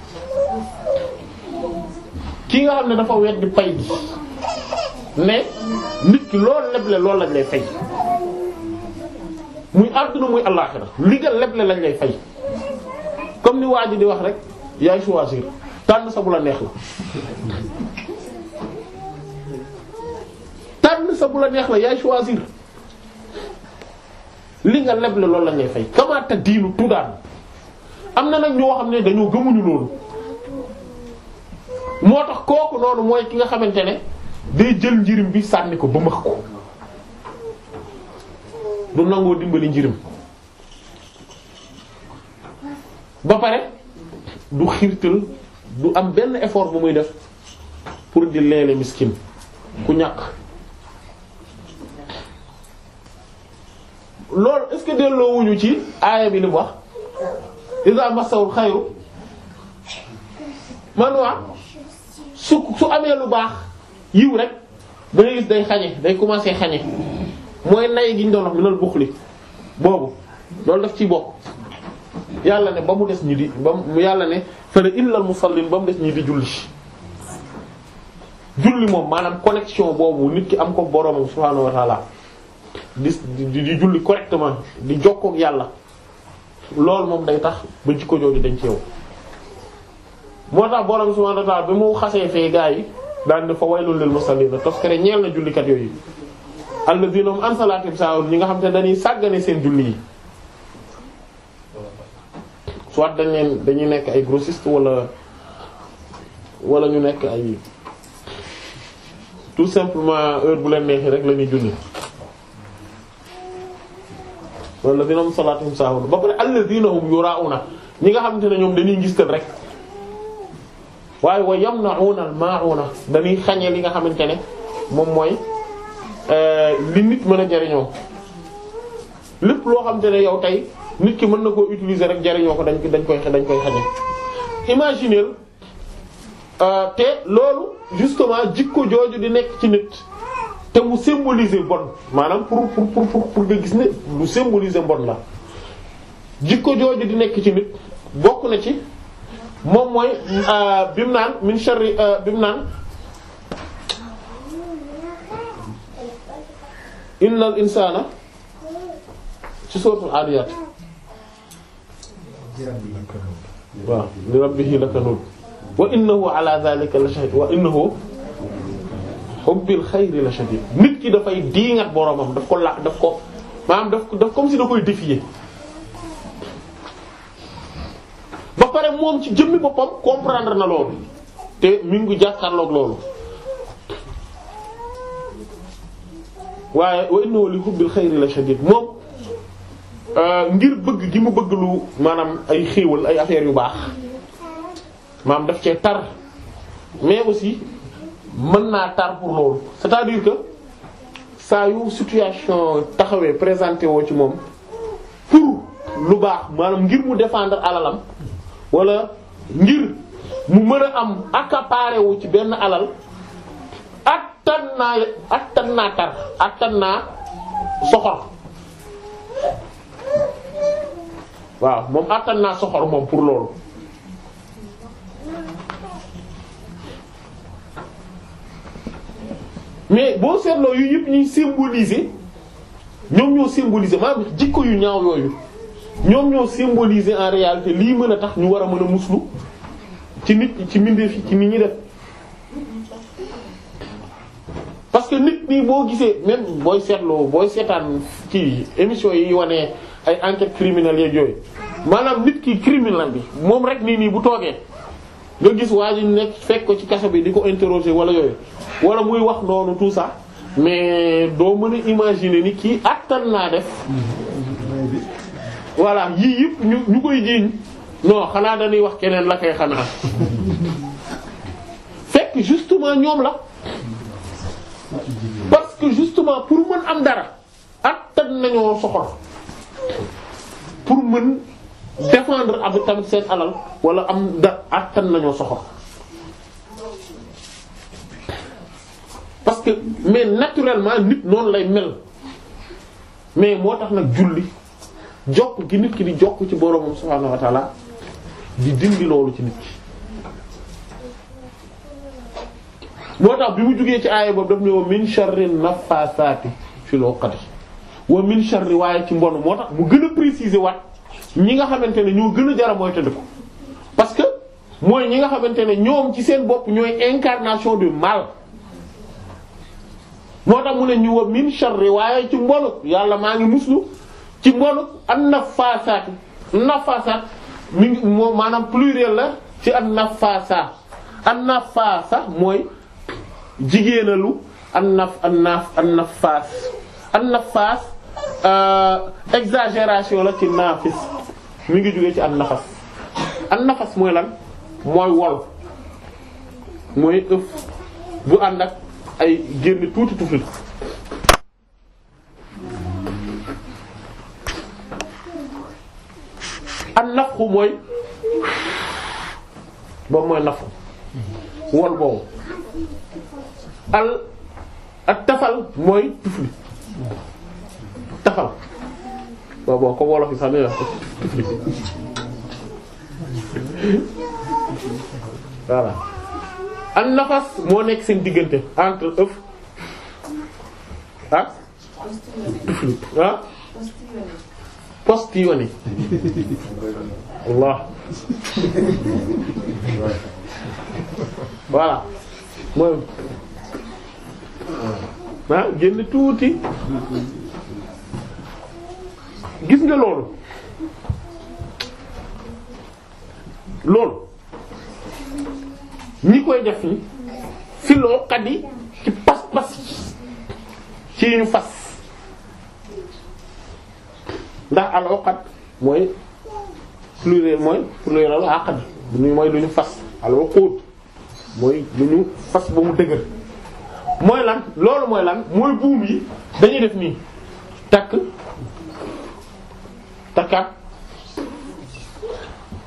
[SPEAKER 1] ki nga xam ne dafa weddi pay bi mais nit ki loo leble loolu lañ lay fay muy àdduna muy àllaaxira li nga leble lañ lay fay comme ni waa di wax rek yaay choisir tànn sa bu la neex la tànn sa bu la neex la yaay choisir li nga leble loolu lañ lay fay kamaata diinu tuddaan am na nag ñoo xam ne dañoo gëmuñu loolu moo tax kooku noonu mooy ki nga xamante ne day jël njirim bi sànni ko ba max ko du nangoo dimbali njirim ba pare du xiirtal du am benn effort bu muy def pour di leele miskin ku ñàkk loolu est-ce que delloowuñu ci aaya bi li wax iza masawul xayru man waa su su amee lu baax yiw rek da ngay gis day xañe day commencer xañe mooy nay gi ñu doon wax minal buxli boobu loolu daf ciy bokk yàlla ne ba mu des ñi di ba mu yàlla ne fële illal musallin ba mu des ñi di julli julli moom maanaam connexion boobu nit ki am ko boroomam subhaanahu wa ta'ala di di julli correctement di jokkoog yàlla loolu moom day tax ba jikko jooju dañ ci yow moo tax boroom subhaanahu wa bi mu xasee fee gaa yi daañu ne fa waylul lil musallina toskare ñeel na jullikat yooyu alladhina hum an salatihim sahun ñi nga xam te dañuy sàggane seen julli yi soit dañ leen dañuy nekk ay grossiste wala wala ñu nekk ay tout simplement heure bu leen neexee rek la ñuy julli alladhina hum salatihim sahun ba pare alladhina hum na ñi nga xam te ne ñoom dañuy gis rek. waaye yam wa yamna'una al-ma'una dañuy xañe li nga xamante ne moom mooy euh, li nit mën a jariñoo lépp loo xam xamante ne yow tey nit ki mën na koo utiliser rek jariñoo ko dañ dañ koy dañ koy xañe imaginer euh, te loolu justement jikko jooju di nekk ci nit te mu symboliser bon maanaam pour pour pour pour nga gis ni lu symboliser bon la jikko jooju di nekk ci nit bokk na ci moom mooy euh, bi mu naan min sharri euh, bi mu naan innal insana ci suratul adiyat waaw li rabbihi lakanud wa innahu ala dhalika la shahid wa innahu hubbil xayri la shadid nit ki dafay diingat boromam daf ko la daf ko maanaam daf daf comme si da koy défier ba pare moom ci jëmmi boppam comprendre na loolu te mi ngi jàkkaarloog loolu waaye wa innahu li hubbil xayri la shadid moom euh, ngir bëgg gi mu bëgg lu maanaam ay xéewal ay affaires yu baax maam def cee tar mais aussi mën naa tar pour loolu c'est-à-dire que saa yu situation taxawee présenté woo ci moom pour lu baax maanaam ngir mu défendre alalam wala ngir mu mën a am accaparé wu ci benn alal attan naa attan naa tar attan naa soxor waaw moom attan naa soxor moom pour loolu mais boo seetloo yu yëpp ñuy symboliser ñoom ñoo symboliser maanaam jikko yu ñaaw yooyu ñoom ñoo symboliser en réalité lii mën a tax ñu war a mën a muslu ci nit ci mbindeef ci mi ñi def parce que nit nii boo gisee même booy seetloo booy seetaan ci émission yi wane ay enquête criminelle yeeg yooyu maanaam nit kii criminel bi moom rek nii nii bu toogee nga gis waa ji nekk fekk ko ci kaso bi di ko interroger wala yooyu wala muy wax noonu tout ça mais doo mën a imaginer ni kii attan naa def.
[SPEAKER 2] Mm-hmm.
[SPEAKER 1] voilà yii yëpp ñu ñu koy jiiñ non xanaa dañuy wax keneen la koy xanaa fekk justement ñoom la parce que justement pour mën am dara attan nañoo soxor pour mën défendre ab tamit alal wala am da attan nañoo soxor parce que mais naturellement nit noonu lay mel mais moo tax nag julli jokk gi nit ki di jokk ci boroomam subhaanahu wa di dindi loolu ci nit ki moo tax bi mu jógee ci aaya boobu daf ne wa min sharri nafaasaati fil uqad wa min sharri waaye ci mbon moo tax mu gën a préciser waat ñi nga xamante ne ñoo gën a jara tëdd ko parce que mooy ñi nga xamante ne ñoom ci seen bopp ñooy incarnation du mal moo tax mu ne ñu wa min sharri waaye ci mbonu yàlla maa ngi muslu ci ngoonu an nafaasaat mi ngi maanaam pluriel la ci an nafaasa an nafaasa mooy jigéenalu an naf an naf an nafaas euh, exagération la ci naafis mi ngi jógee ci an nafas an nafas mooy lan mooy wol mooy ëf bu ànd ak ay génn tuuti tuuti. an nafxu mooy boobu mooy nafxu wol boobu al ak tafal mooy tufli tafal waaw bon wolof yi sax nañu tufli voilà an nafas moo nekk seen diggante entre ëf ak tufli ah poste yi woni Allah voilà mooy ah génn tuuti gis nga loolu loolu ñi koy def ni filoo xat yi ci pas-pas ci ñu fas ndax al uqad mooy pluriel mooy pluriel aqd mooy lu ñu fas al mooy lu ñu fas ba mu dëgër mooy lan loolu mooy lan mooy buum yi dañuy def nii takk takkaat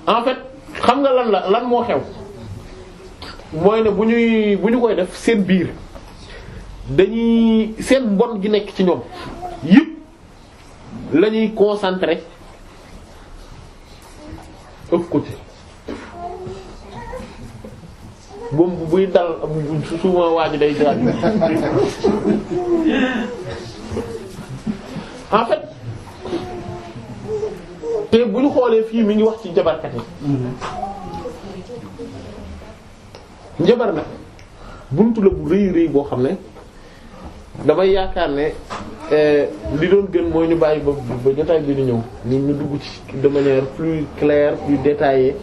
[SPEAKER 1] en fait xam nga lan la lan moo xew mooy ne bu ñuy bu ñu koy def seen biir dañuy seen bon gi nekk ci ñoom yépp la ñuy concentré ëpp ko ci bomb buy dal souvent waa ji day daal en fait te bu ñu xoolee fii mi ngi wax ci njabarkat yi njabar nag buntu la bu rëy rëy boo xam ne damay yaakaar ne euh, li doon gën mooy ñu bàyyi ba ba jotaay bi di ñëw ñu dugg ci de manière plus claire plus détaillée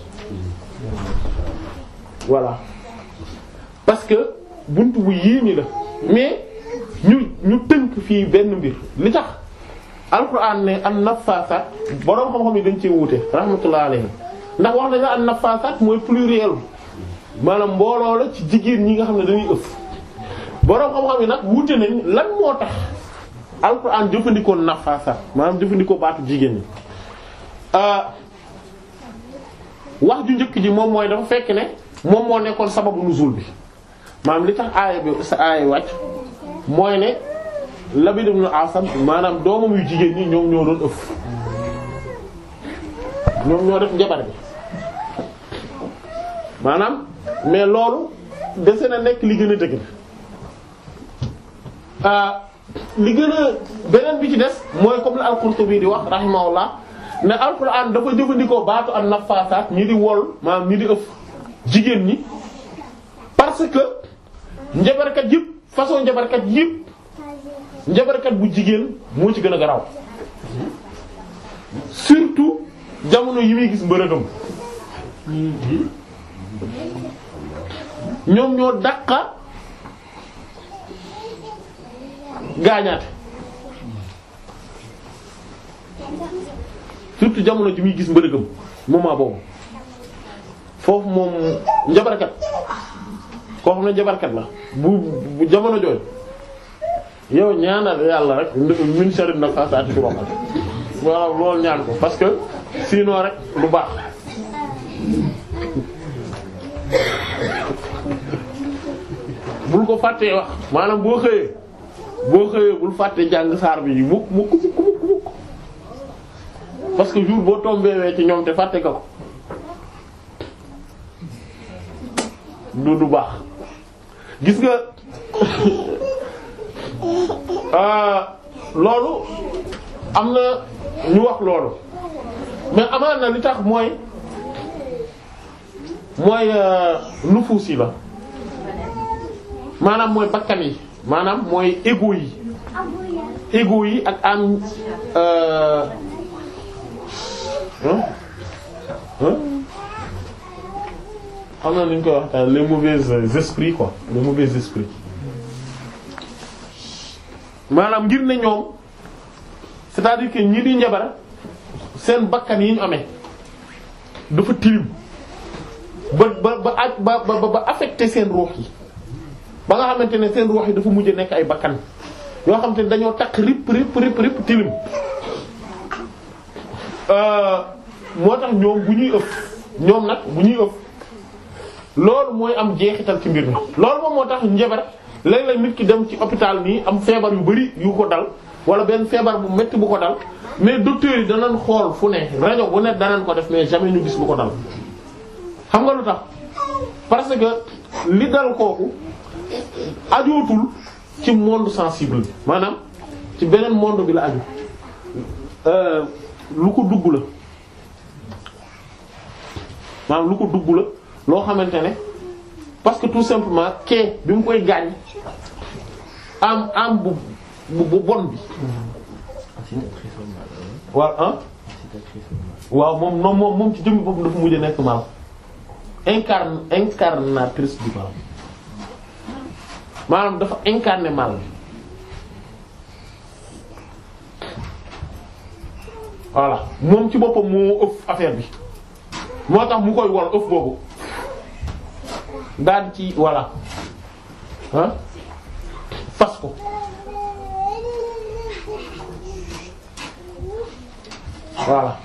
[SPEAKER 1] voilà parce que bunt bu yéeme la mais ñu ñu tënk fii benn mbir li tax alxuraan ne an nafaasat boroom xam-xam yi dañ cee wuute rahmatullah alayhi ndax wax nañ la an nafaasat mooy pluriel maanaam mbooloo la ci jigéen ñi nga xam ne dañuy ëf boroom xam-xam yi nag wuute nañ lan moo tax alxuraan jëfandikoo nafaasa maanaam jëfandikoo baatu jigéen ñi euh, wax ju njëkk ji moom mooy dafa fekk ne moom moo nekkoon sababu nuzul bi maanaam li tax aaya bi sa aaya wàcc mooy ne Labid ibn Asam maanaam doomam yu jigéen ñi ñoom ñoo doon ëff ñoom ñoo def njabar bi maanaam mais loolu dese na nekk li gën a dëgg Euh, li gën a beneen bi ci des mooy comme la al-Qurtubi di wax la ne al-Qur'an dafa jëfandikoo baatu an nafasaat ñi di wol maanaam ñi di ëf jigéen ñi parce que njabarkat yëpp façon njabarkat yëpp njabarkat bu jigéen moo ci gën a garaw surtout jamono yi muy gis mbërëgam mhm. ñoom ñoo dàqa gaañaate surtout jamono ji muy gis mbërëgam moment boobu foofu moom njabarkat koo xam ne njabarkat la bu bu jamono jooju yow ñaanal yàlla rek min sharri nafasaati fil uqad waaw loolu ñaan ko parce que sinon rek lu baax bul ko fàttee wax maanaam boo xëyee boo xëyee bul fàtte jàng saar bi yu mukk mukk mukk mukk parce que jour boo tombeewee ci ñoom te fàtte nga ko du du baax gis nga euh, loolu am na ñu wax loolu mais amaan na li tax mooy mooy euh, nufuus yi la maanaam mooy bakkan yi maanaam mooy égo yi égo yi ak am euh, xam na ni ñu koy waxtaan euh, les mauvais esprits quoi les mauvais esprits maanaam ngir ne ñoom c'est-à-dire que ñi di njabar seen bakkan yi ñu amee dafa tilim ba ba ba ba ba affecté seen ruux yi ba nga xamante ne seen ruux yi dafa mujj nekk ay bakkan yoo xam te ne dañoo takk rip rip rip rip tilim euh, moo tax ñoom bu ñuy ëpp ñoom nag bu ñuy ëpp loolu mooy am jeexital ci mbir mi. loolu moom moo tax njabar léeg-léeg nit ki dem ci hôpital nii am feebar yu bari yu ko dal wala benn feebar bu metti bu ko dal mais docteur yi danañ xool fu ne rajo bu ne danañ ko def mais jamais ñu gis lu ko dal xam nga lu tax parce que li dal kooku. ajootul ci monde sensible bi maanaam ci beneen monde bi la aju euh, lu ko dugg la maanaam lu ko dugg la loo xamante ne parce que tout simplement kee bi mu koy gaañ am am bu bu bon bi waaw ah waaw moom moom moom ci jëmmi boppam dafa mujj nekk maam incarnatrice du mal maanaam dafa incarné mal voilà moom ci boppam mu ëff affaire bi moo tax mu koy wol ëff boobu daan ci voilà ah fas ko voilà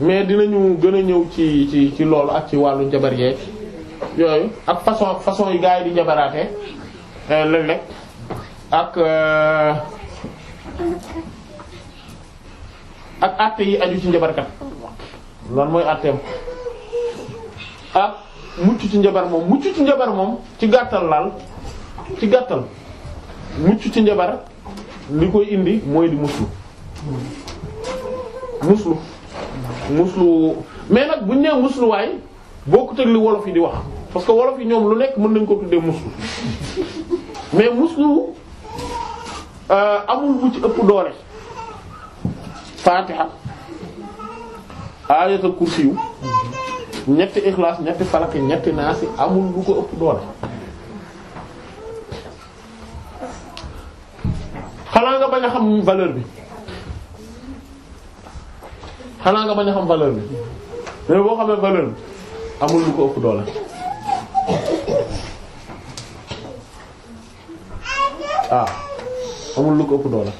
[SPEAKER 1] mais dinañu gën a ñëw ci ci ci loolu ak ci wàllu njabar yeeg yooyu ak façon façon yi gars yi di jabaraate euh, léeg-léeg ak euh, ak àtte yi aju ci njabarkat lan mooy àtteem ak mucc ci njabar moom mucc ci njabar moom ci gàttal laal ci gàttal mucc ci njabar li koy indi mooy di muslu muslu muslu mais nag buñ nee musluwaay boo ko li wolof yi di wax parce que wolof yi ñoom lu nekk mën nañ ko tuddee muslu mais muslu euh, amul bu ci ëpp doole fatiha ayatul kursiyu ñetti ixlaas ñetti falaki ñetti naa naasi amul bu ko ëpp doole xanaa nga bañ a xam valeur bi xanaa nga bañ a xam valeur bi mais boo xamee valeur bi amul lu ko ëpp doole waaw ah, amul lu ko ëpp doole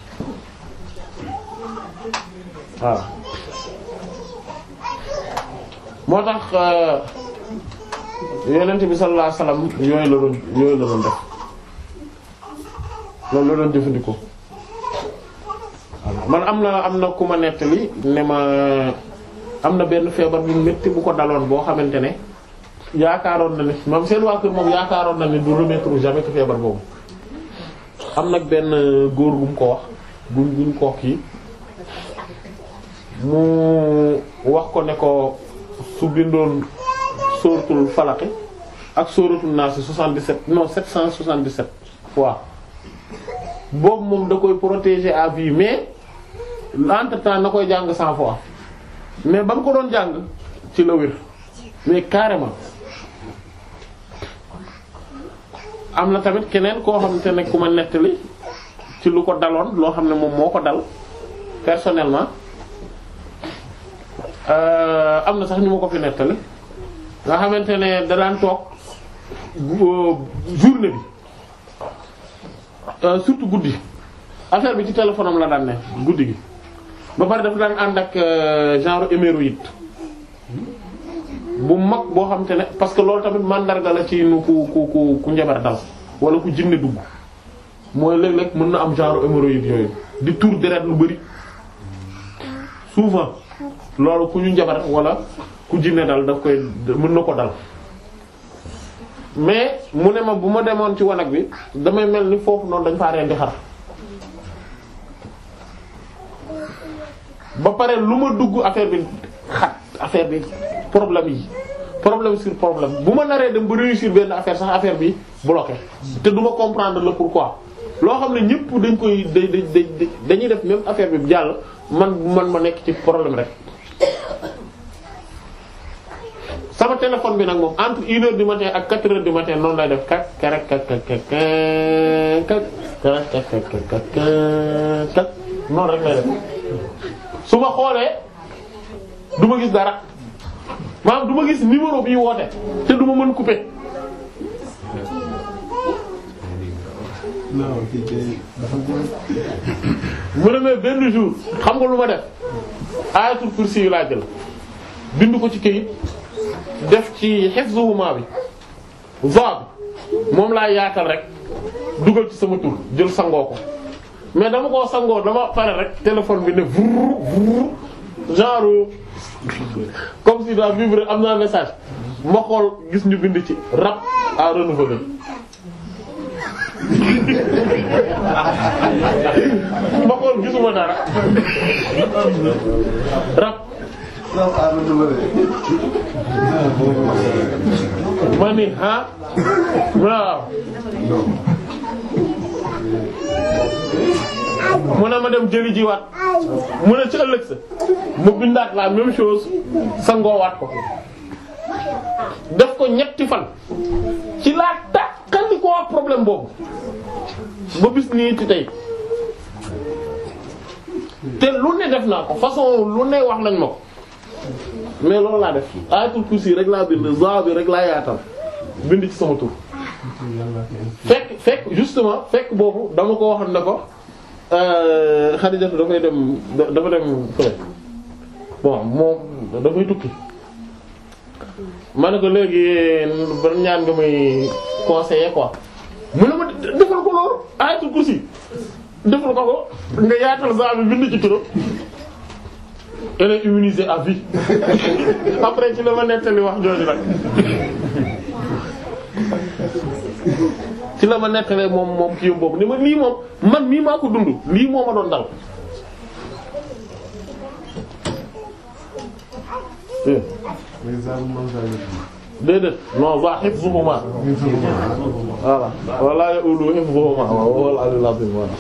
[SPEAKER 1] waaw ah. moo tax euh, yonent bi sallallahu alayhi yooyu la doon yooyu la doon def loolu la doon jëfandikoo man am na am na ku ma nettali ne ma am na benn feebar bu metti bu ko daloon boo xamante ne yaakaaroon na ne moom seen waa kër moom yaakaaroon na ne du remettre jamais que feebar boobu am nag benn góor gu ko wax gu guñ ko kii mu wax ko ne ko su bindoon sóoratul falaqi ak sóoratul naasi 77 non 777 fois boobu moom da koy protéger à vie mais entre temps na koy jàng 100 fois mais ba mu ko doon jàng ci la wér mais carrément. am na tamit keneen koo xamante ne ku ma nettali ci lu ko daloon loo xam ne moom moo ko dal personnellement euh, am na sax ñu ma ko fi nettali nga xamante ne da daan toog euh, journée bi euh, surtout guddi affaire bi ci téléphone la daan ne guddi gi ba pare dafa daan ànd ak genre hémorroïde bu mag boo xam te ne parce que loolu tamit mandarga la ci nu ku ku ku ku njabar dal wala ku jinne dugg mooy léeg-léeg mën na am genre hémorroïde yooyu di tuur deret lu bari souvent loolu ku ñu njabar wala ku jinne dal daf koy mën na ko dal mais mu ne ma bu ma demoon ci wanag bi damay mel ni foofu noonu dañ faa rendi xar ba pare lu ma dugg affaire bi xat affaire bi problème yi problème sur problème bu ma naree dem ba réussir benn affaire sax affaire bi bloqué te du comprendre la pourquoi loo xam ne ñëpp dañ koy dañuy def même affaire bi jàll man man ma nekk ci problème rek sama téléphone bi nag moom entre une heure du matin ak noon heures du matin noonu lay def kak kak kak kak kak rek lay def su ma xoolee du gis dara maanaam du ma gis numéro bi woote te du ma mën couper. mu demee benn jour xam nga lu ma def ayatul kursi yu laa jël bind ko ci këyit def ci hifzuhuma bi va bi moom laa yaatal rek dugal ci sama tur jël sangoo ko mais dama koo sangoo dama pare rek téléphone bi ne vrr vrr genre. comme si daa vivre am naa message ma xool gis ñu bind ci rab à renouveler ma xool gisuma dara rab ma ni ah waaw mu ne ma dem jëli jiwaat mu ne ci ëllëg sa mu bindaat la même chose sa ngoowaat ko def ko ñetti fan ci laa tàkkandi koo problème boobu ba bis nii ci tey te lu ne def naa ko façon lu ne wax nañ ma ko mais loolu laa def ayatul kursi rek laa bind za bi rek laa yaatal bind ci sama tur fekk fekk justement fekk boobu dama ko wax ne ko Xadijatu euh, dafay dem dafa dem fële bon moom dafay tukki ma ne ko léegi ba ñaan nga muy conseiller quoi mu ne ma defal ko loolu ayatul kursi defal ko ko nga yaatal saa bi bind ci turam elle est immunisée après ci la ma nettali wax jooju nag ci la ma nettalee moom moom kii boobu ni ma lii moom man mii maa ko dund lii moo ma doon dal. déedéet non va hifzuhuma voilà wala ya'ulu hifzuhuma wala alil azim voilà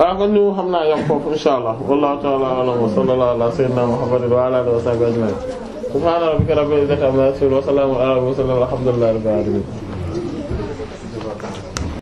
[SPEAKER 1] waaw ah, kon ñu xam naa yam foofu inshallah wallahu ta'ala a'lam wa sallallahu ala sayyidina muhammadin wa ala alihi wa sahbihi ajma'in subhaana rabbika rabbil izzati amma yasifun wa salaamun ala al mursalin walhamdulillahi rabbil alamin